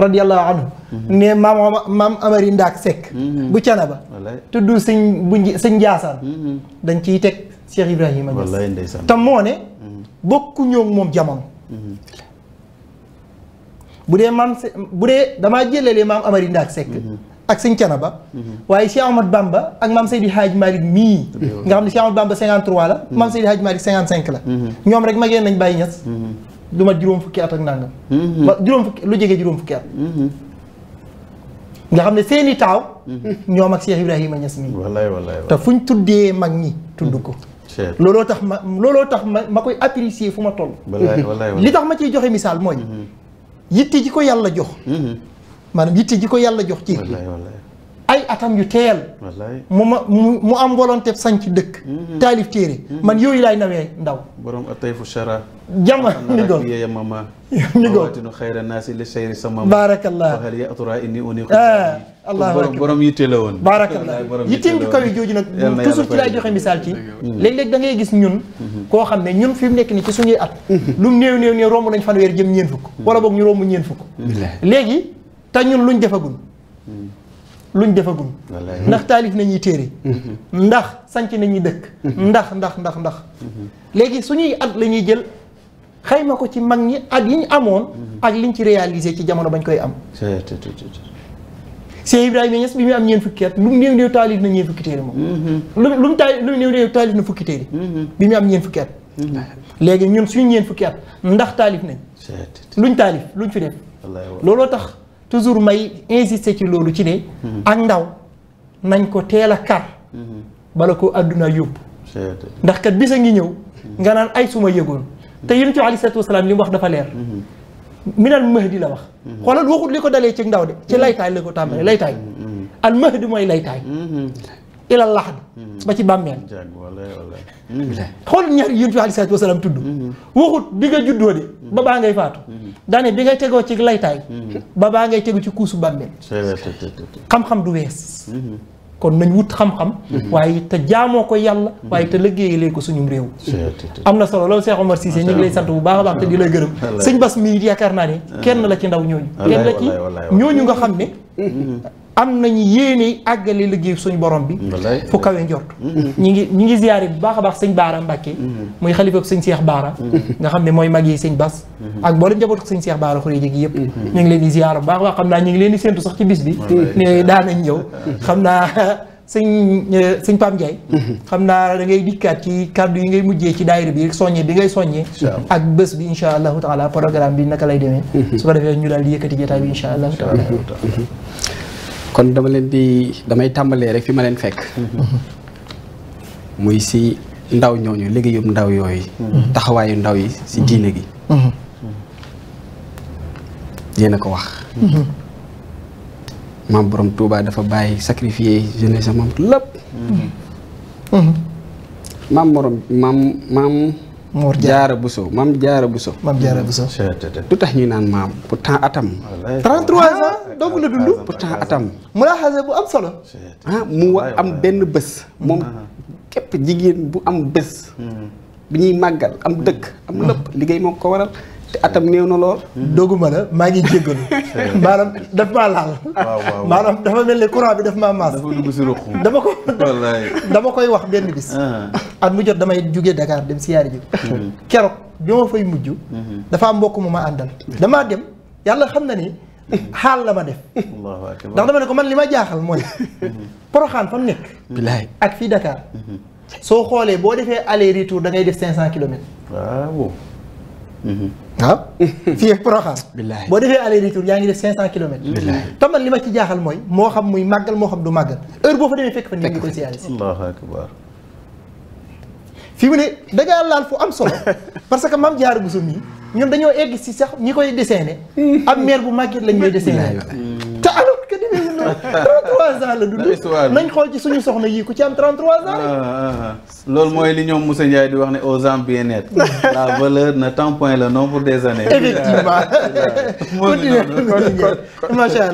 radiallahu anhu mhm. ne maam maam Amari Ndaak Seck mhm. bu Canaba tudd sañ bu sëñ Njaasaan mhm. dañ ciy teg Cheikh Ibrahima Niass te moo ne bokku ñoo moom jamono bu dee maam bu dee damaa jëlalee maam Amari Ndaak Seck ak sëñ Canaba waaye Cheikh Ahmad Bamba ak maam Seydi Hadj Malick mii nga xam ne Cheikh Ahmad Bamba 53 la maam Seydi Hadj Malick 55 la ñoom rek mageen nañ bàyyi ñas lu ma juróom fukki at ak nangam. ba mhm. juróom fukki lu jege juróom fukki at. Mhm. nga xam ne seeni taaw. Mhm. ñoom ak Cheikh Ibrahima Niass mii. wallaay wallaay te fuñ tuddee mag ñi tudd ko. looloo tax ma looloo tax ma ma koy apprécier fu ma toll. li tax ma ciy joxe misaal mooy. yitte ji ko yàlla jox. maanaam yitte ji ko yàlla jox ci. ay atam yu teel mu ma mu am volonté sanc dëkk mm-hmm. taalif téere mm-hmm. man yooyu laay nawee ndaw borom atayfu shara jama ni goon ni goon xayra naasi li sayri sama baarakallah waxal ya atura inni uniqu ah, allah borom yitte la woon baarakallah yitteem ju kaw yi jooju nag toujours ci laay joxe misaal ci mm-hmm. léeg-léeg da ngay gis ñun koo xam ne ñun fi mu nekk nii ci suñuy at lu mu néew néew néew romb nañ weer jëm ñeen fukk wala boog ñu romb ñeen fukk léegi te ñun luñ defagul luñ defagum ndax taalif nañuy téere mm-hmm. ndax sanc nañuy dëkk mm-hmm. ndax ndax ndax ndax mm-hmm. léegi suñuy at la ñuy jël xayma ko ci mag ñi at yi ñu amoon ak liñ ci réalisé ci jamono bañ koy am Cheikh Ibrahima Niass bi muy am ñeen fukki at lu mu néew néew taalif na ñeen fukki téere moom lu lu mu taali lu na fukki téere bi muy am ñeen fukki at léegi ñun suñu ñeen fukki at ndax taalif nañ luñ taalif luñ fi def looloo tax toujours may insister ci loolu ci ne. Mhm. ak ndaw nañ ko teel a kar. Mhm. bala ko adduna yóbbu. ndax kat bis a ngi ñëw. Mhm. nga naan ay suma yëgoon. te yonent bi aleyhi salaatu wasalaam li mu wax dafa leer. minal di la wax. xoolal waxut li ko dalee ci ndaw de ci laytaay la ko tàmbalee laytaay. al mahdi mooy laytaay. ilal laxd hmm. ba ci bàmmeel hmm. Hmm. xool ñaar yonent bi aleyhi salaatu wa tudd waxut bi nga juddoo de ba baa ngay faatu daane bi ngay tegoo ci laytaay ba baa ngay tegu ci kuusu bàmmeel xam-xam du wees kon nañ wut xam-xam waaye te jaamoo ko yàlla waaye te liggéeyalee ko suñum réew am na solo loolu Cheikh Omar Cissé ñu ngi lay sant bu baax la baax te di lay gërëm sëñ Bass mii yaakaar naa ne kenn la ci ndaw ñooñu kenn la ci ñooñu nga xam ne am nañu yéene àggale liggéey suñu borom bi fu kawee njort ñi ngi ñi ngi ziyaare bu baax a baax sëñ Baara Mbàkke mm-hmm. muy xalifa sëñ Seex Baara mm-hmm. nga xam ne mooy mag yi sëñ Bas mm-hmm. ak mboolem njabootu sëñ Seex Baara xuree ji gi yëpp ñu ngi leen di ziyaare baax a xam naa ñu ngi leen di séntu sax ci bis bi ne daanañ ñëw xam naa sëñ euh, sëñ Pam Ndiaye xam naa da ngay dikkaat ci kàddu yi ngay mujjee ci daayira bi soññe bi ngay soññee ak bës bi insha allahu taala programme bi naka lay demee su ko defee ñu daal di yëkkati jotaay bi insha allahu taala kon dama leen di damay tàmbalee rek fi ma leen fekk. muy si ndaw ñooñu liggéeyum ndaw yooyu. Mm-hmm. taxawaayu ndaw yi si mm-hmm. diine gi. Mm-hmm. yéen a ko wax. maam borom Touba dafa bàyyi sacrifier jeunesse maam lépp. maam borom maam maam. Mor Diarra Bousso maam Diarra Bousso. maam Diarra Bousso. lu tax ñuy naan maam pourtant atam. 33 ans ah, donc la dund. pourtant atam. mu laa xasee bu am solo. Ah, mu wa am benn bës moom ah. képp jigéen bu am bés. Hmm. bi ñuy màggal am dëkk am hmm. lépp liggéey moom ko waral. te atam néew na lool. doguma la maa ngi jéggalu. maanaam daf ma laal. maanaam dafa mel ni courant bi daf ma maas. dafa ko dama koy wax benn bis. Ah. at mu jot damay jugee Dakar dem siyaari ji. Mhm. keroog bi ma fay mujj. Mhm. dafa mbokk mu ma àndal. damaa dem yàlla xam na ni. xaal la ma def. ndax dama ne ko man li ma jaaxal mooy. Mhm. poroxaan fa mu nekk. ak fii Dakar. soo xoolee boo defee aller retour da ngay def 500 kilomètres. waaw. waaw mm-hmm. ah? fii ak Porokhane boo defee aller retour yaa ngi def cinq cent kilomètres mm-hmm. te man li ma ci jaaxal mooy moo xam muy màggal moo xam du màggal heure boo fa demee fekk fa nit ñi koy fii mu ne dangaa laal fu am solo parce que maam Jaara Buso mii ñoom dañoo egg si sax ñi koy dessiné am mm-hmm. maire bu màgget lañ ñooy dessiné te alors que 33 ans la xool ci suñu soxna yii ku ci am 33 ans. Ah, ah, ah. loolu mooy li ñoom Moussa Ndiaye di wax ne aux ans bien être la valeur n'attend nombre des années. effectivement continué continué macha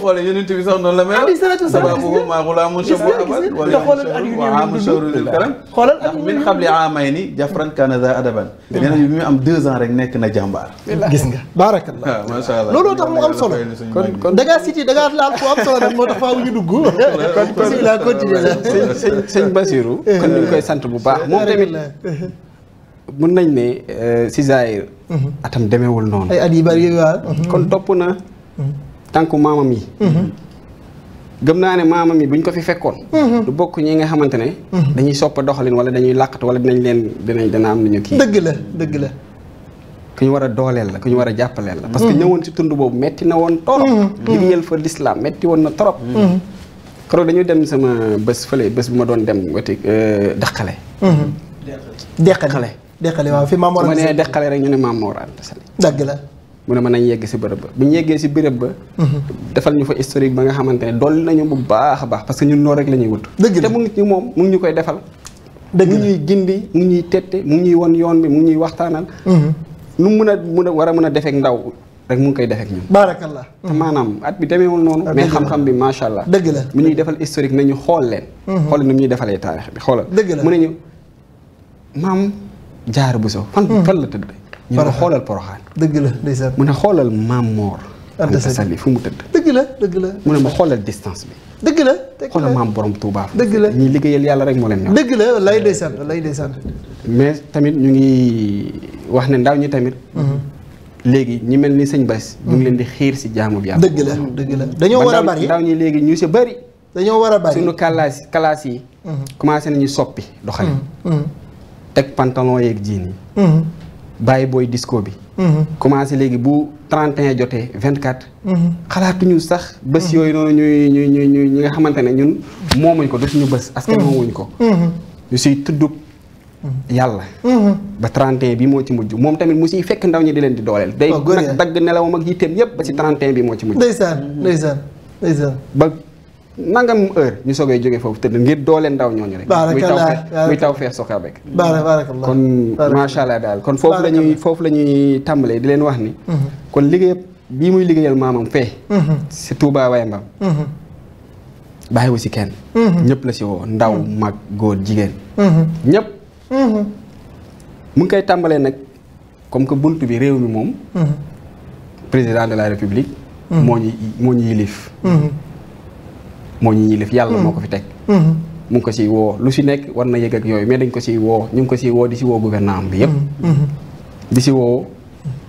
xoolee yonent bi sax noonu la mel. alayhi salaatu wasalaam sabaabu am shawrul karam xoolal ndax min xabli aamayni jafran kaana za adaban. nee nañu mu am deux ans rek nekk na jàmbaar. gis nga baarakallah. macha allah looloo tax mu am solo. kon kon da laal ko am soxna moo tax faaw ñu dugg. kon kon sëñ sëñ Basirou. Eh, kon ñu eh. koy sant bu baax moom tamit. mën nañ ne euh, si Zaire. Mhm. atam demeewul noonu. ay at bari yooyu mhm. kon topp na. Mhm. tànku maamam yi. gëm naa ne maamam yi bu ñu ko fi fekkoon. du bokk ñi nga xamante ne. dañuy sopp doxalin wala dañuy làqatu wala dinañ leen dinañ dana am lu ñu kii. dëgg la dëgg la. ku ñu war a dooleel la ku ñu war a jàppaleel la parce que mm-hmm. ñëwoon ci tund boobu metti na woon torop mm-hmm. liggéeyal fa l'islam metti woon na torop mm-hmm. keroog dañu dem sama bés fële bés bu ma doon dem weti euh, deqale deqale deqale waaw fi ma nee deqale rek ñu ne Maam Mor dëgg la mu ne mën nañ yegg si bërëb ba bu ñu yeggee si bërëb ba defal ñu fa historique ba nga xamante ne dolli nañu bu baax a baax parce que ñun noor rek la ñuy wut dëgg la te mu ngi ñu moom mu ngi ñu koy defal dëgg mu ngi ñuy gindi mu ngi ñuy tette mu ngi nu mu mun a mun a war a mun a defeek ndaw rek mu ngi koy defeek ñun. baarakallah. maanaam at bi demeewul noonu. mais xam-xam bi macha allah. dëgg la mu ñuy defal historique nañu xool leen. Mhm. xool nu ñuy defalee taarix bi xoolal. la mu ne ñu maam Jaara Buso fan mhm. fan la tëdd. ñu xoolal Poroxaan. dëgg la ndeysaan mu ne xoolal maam Moor. Anta Sali fu mu tëdd. dëgg la dëgg la. mu ne ma xoolal distance bi. dëgg la dëgg la xoolal maam borom Touba. dëgg la liggéeyal yàlla rek moo leen ñor. dëgg la lay day sant mais tamit ñu ngi wax ne ndaw ñi tamit. Mhm. léegi ñi mel ni sëñ Bass. ñu ngi mhm. leen di xiir si jaamu bi dëgg la dëgg la dañoo war a bari ndaw ñi léegi ñu si bari. dañoo war a bari suñu kalaas kalaas yi. Mhm. commencé nañu soppi doxalin. teg pantalon yeeg jiin yi. bàyyi booy disco bi. commencé léegi bu 31 jotee 24. Mhm. xalaatuñu sax bés yooyu noonu ñuy ñuy ñuy ñuy ñi nga xamante ne ñun moomuñ ko dootuñu bés. askan mhm. moomuñ ko. Mhm. ñu siy tudd yàlla. ba 31 bi moo ci mujj moom tamit mu siy fekk ndaw ñi di leen di dooleel. Oh, day nag dagg nelawam ak yitteem yépp ba si 31 bi moo ci mujj. ndeysaan ndeysaan ndeysaan ba nangam heure ñu soogay jógee foofu tëdd ngir doole ndaw ñooñu rek. muy taw feex soxal rek. kon macha allah daal kon foofu la tàmbalee di leen wax ni. Mhm. kon liggéey bii muy liggéeyal maamam fee. Mhm. si Touba Wayembam. Mhm. bàyyiwu si kenn. ñëpp la si woo ndaw mag góor jigéen. ñëpp. mu ngi koy tàmbalee nag comme que bunt bi réew mi moom. président de la république. moo ñu moo ñu yilif moo ñu yilif yàlla moo ko fi mm. teg mm. mu ngi ko siy woo lu si nekk war na yëg ak yooyu mais dañ ko siy woo ñu ngi ko siy woo di si woo gouvernement bi yëpp mm. di si woo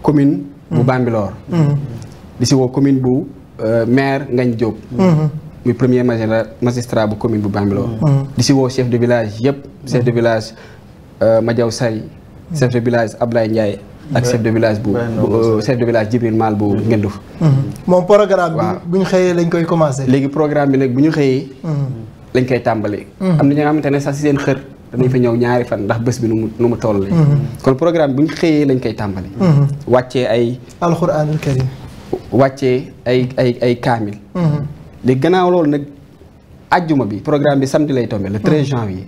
commune bu Bambilor di si woo commune bu euh, maire Ngagne Diop muy premier magistrat bu commune bu Bambilor di si woo chef de village yëpp chef de village euh, Madiaw Say chef de village Ablaye Ndiaye ak chef de village bu euh, chef de village Jibril Maal bu mm-hmm. Ngenduf mm-hmm. moom programme bi bu ñu xëyee lañ koy commencé léegi programme bi nag bu ñu xëyee mm-hmm. lañ koy tàmbali am na ñoo xamante ne sax si seen xër danañ fa ñëw ñaari fan ndax bés bi nu mu nu mu toll kon programme bu ñu xëyee lañ koy tàmbali wàccee ay alxuraanul karim wàccee ay ay ay kaamil léegi nag ajjuma bi programme bi samedi lay tombé le 13 janvier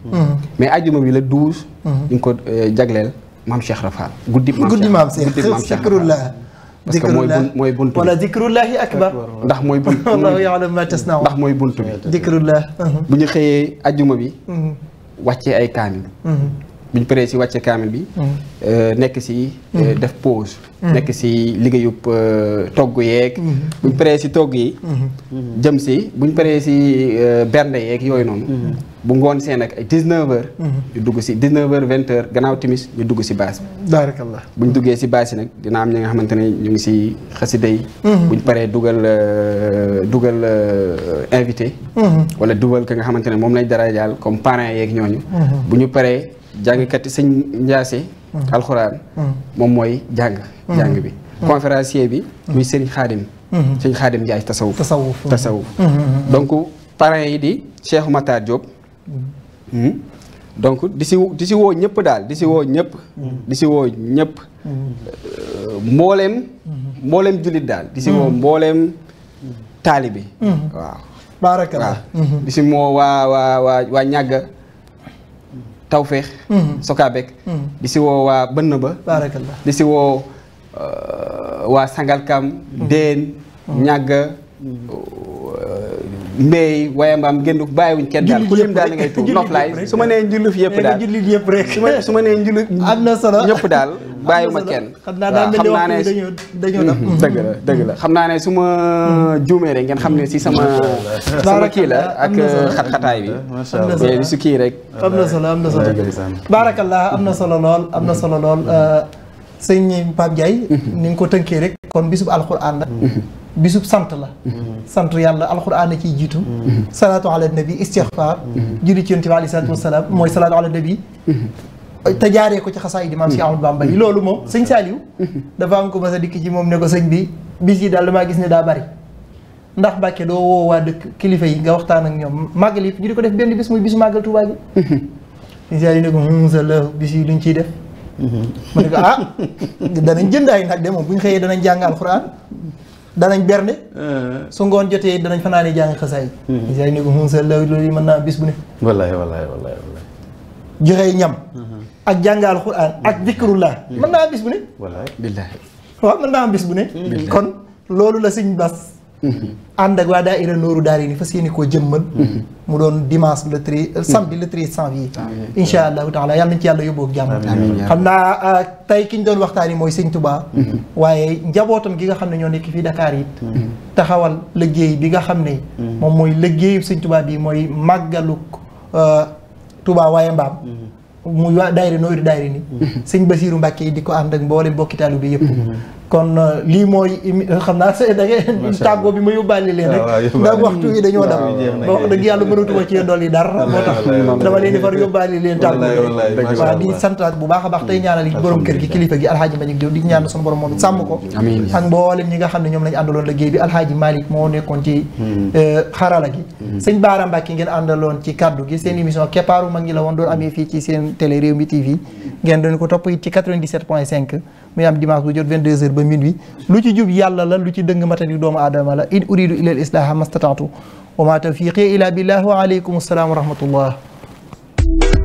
mais ajjuma bi le 12 ñu ngi ko euh, jagleel maam Cheikh Rafal. guddi maam Cheikh maam Cheikh Rafal parce que mooy bun mooy buntu bi wala dikrullahi akbar ndax mooy buntu wallahu ya'lam ma bu ñu xëyee ajjuma bi. Mm-hmm. wàccee ay kaamil. Mm-hmm. bu ñu paree si wàcce kaamil bi. nekk si def pause. nekk si liggéeyub togg yeeg. Mm-hmm. bu ñu paree si togg yi. jëm si bu ñu paree si bernde yeeg yooyu noonu. Mm-hmm. bu ngoon seen ak ay 19 mm-hmm. ñu dugg si 19h 20h gannaaw timis ñu dugg si baas bi. baarakallah bu ñu duggee si baas yi nag dina am ñi nga xamante ne ñu ngi si xasida yi. bu ñu paree dugal euh, dugal euh, invité. wala dugal ki nga xamante ne moom lañ dara jaal comme parents yeeg ñooñu. bu ñu paree. jàngkati sëñ Ndiassé mm. alxuraan mm. moom mooy jàng mm. jàng bi conférencier bi muy sëñ Xaadim sëñ Xaadim Ndiaye tasawuf tasawuf donc parrain yi di Cheikh Matar Diop hmm. donc di si woo ñëpp daal di si woo ñëpp euh, mbooleem mbooleem jullit daal di si woo mbooleem taalibi waaw mm-hmm. di si moo waa waa waa waa ñàgga tawféex hmm. sokaabeek di hmm. si woo bënn ba baarakallah di si woo waa euh, sangalkam hmm. déen mbéy wayambaam génduk bàyyiwuñ kenn daal ku lim daal ngay tuur noflaay su ma nee njuluf yëpp daal jullit yëpp rek su ma nee njuluf am na solo ñëpp daal bàyyiwuma kenn xam naa ne dañoo mhm. dëgg la dëgg la xam naa su ma mhm. juumee rek ngeen xam ne si sama sama kii la ak euh, xat-xataay bi mais su kii rek am na solo am na solo baarakallah am na solo lool am na solo lool mhm. euh, sëñ Pape Ndiaye ni nga ko tënkee rek kon bisub alxuraan la bisub sant la mm-hmm. sant yàlla alxuraan a ciy jiitu mm-hmm. salaatu ala nabi istixfaar mm-hmm. julli ci yonent bi aleyhi salaatu wasalaam mooy salaatu ala nabi te jaaree ko ci xasaay di maam si Ahmadu Bamba yi loolu moom sëñ Saliou dafa am ko mas a dikk ci moom ne ko sëñ bi bis yi daal damaa gis ne daa bari ndax Mbàkke doo woo waa dëkk kilifa yi nga waxtaan ak ñoom màggal yi ñu di ko def benn bis muy bisu màggal Tuubaa gi sëñ Saliou ne ko hmm, sa la bis yi luñ ciy def ma ne ko ah danañ jënd ay nag de moom bu ñu xëyee danañ jàng alxuraan danañ berne. Eh. su ngoon jotee danañ fanaane jàng xasaay. xasaay hmm. ni ko mun sa law loolu mën naa bis bu ne. wallaay wallaay wallaay wallaay. joxe hmm. ak jàngal ak zikrullah. Hmm. mën naa am bis bu waaw mën naa am bis bu ne. kon loolu la sëñ Bass. Mm-hmm. ànd ak waa daaira nooru daar yi ni fa yéene koo jëmmal mm-hmm. mu doon dimanche le treize euh, mm-hmm. samedi le treize janvier insha allahu taala yàlla nañ ci yàlla yóbboog jàmm xam naa euh, tey ki ñu doon waxtaan yi mooy sëñ Touba waaye njabootam gi nga xam ne ñoo nekk fii Dakar it taxawal liggéey bi nga xam ne moom mooy liggéeyu sëñ Touba bi mooy màggaluk euh, Touba waaye mbaam muy waa daayira nooru daayira ni sëñ Basiiru Mbàkke di ko ànd ak mboole bokki taalu bi yëpp kon euh, lii mooy xam naa see da ngeen tàggoo bi ma yóbbaale leen rek ndax waxtu yi dañoo dab ba wax dëgg yàlla mënatuma ci yi dara moo tax dama leen di far yóbbaale leen tàggoo waaw di santaat baax a baax tey kër gi kilifa gi alhaaji Malick ñaan sunu borom moom sàmm ko ak mboolem ñi nga xam ne ñoom lañ àndaloon liggéey bi alhaaji Malick moo nekkoon ci hmm. euh, xarala gi hmm. sëñ Baara Mbacke ngeen àndaloon ci kaddu gi seen émission keppaaru mag ñi la woon doon amee fii ci seen télé Rewmi TV ngeen doon ko topp ci 97 point 5 muy am dimanche bu jot 22h ba minuit lu ci jub yàlla la lu ci dëng matani doomu aadama la in uridu ila al islaha mastataatu wa ma tawfiqi ila billah wa aleykum assalaam wa rahmatullah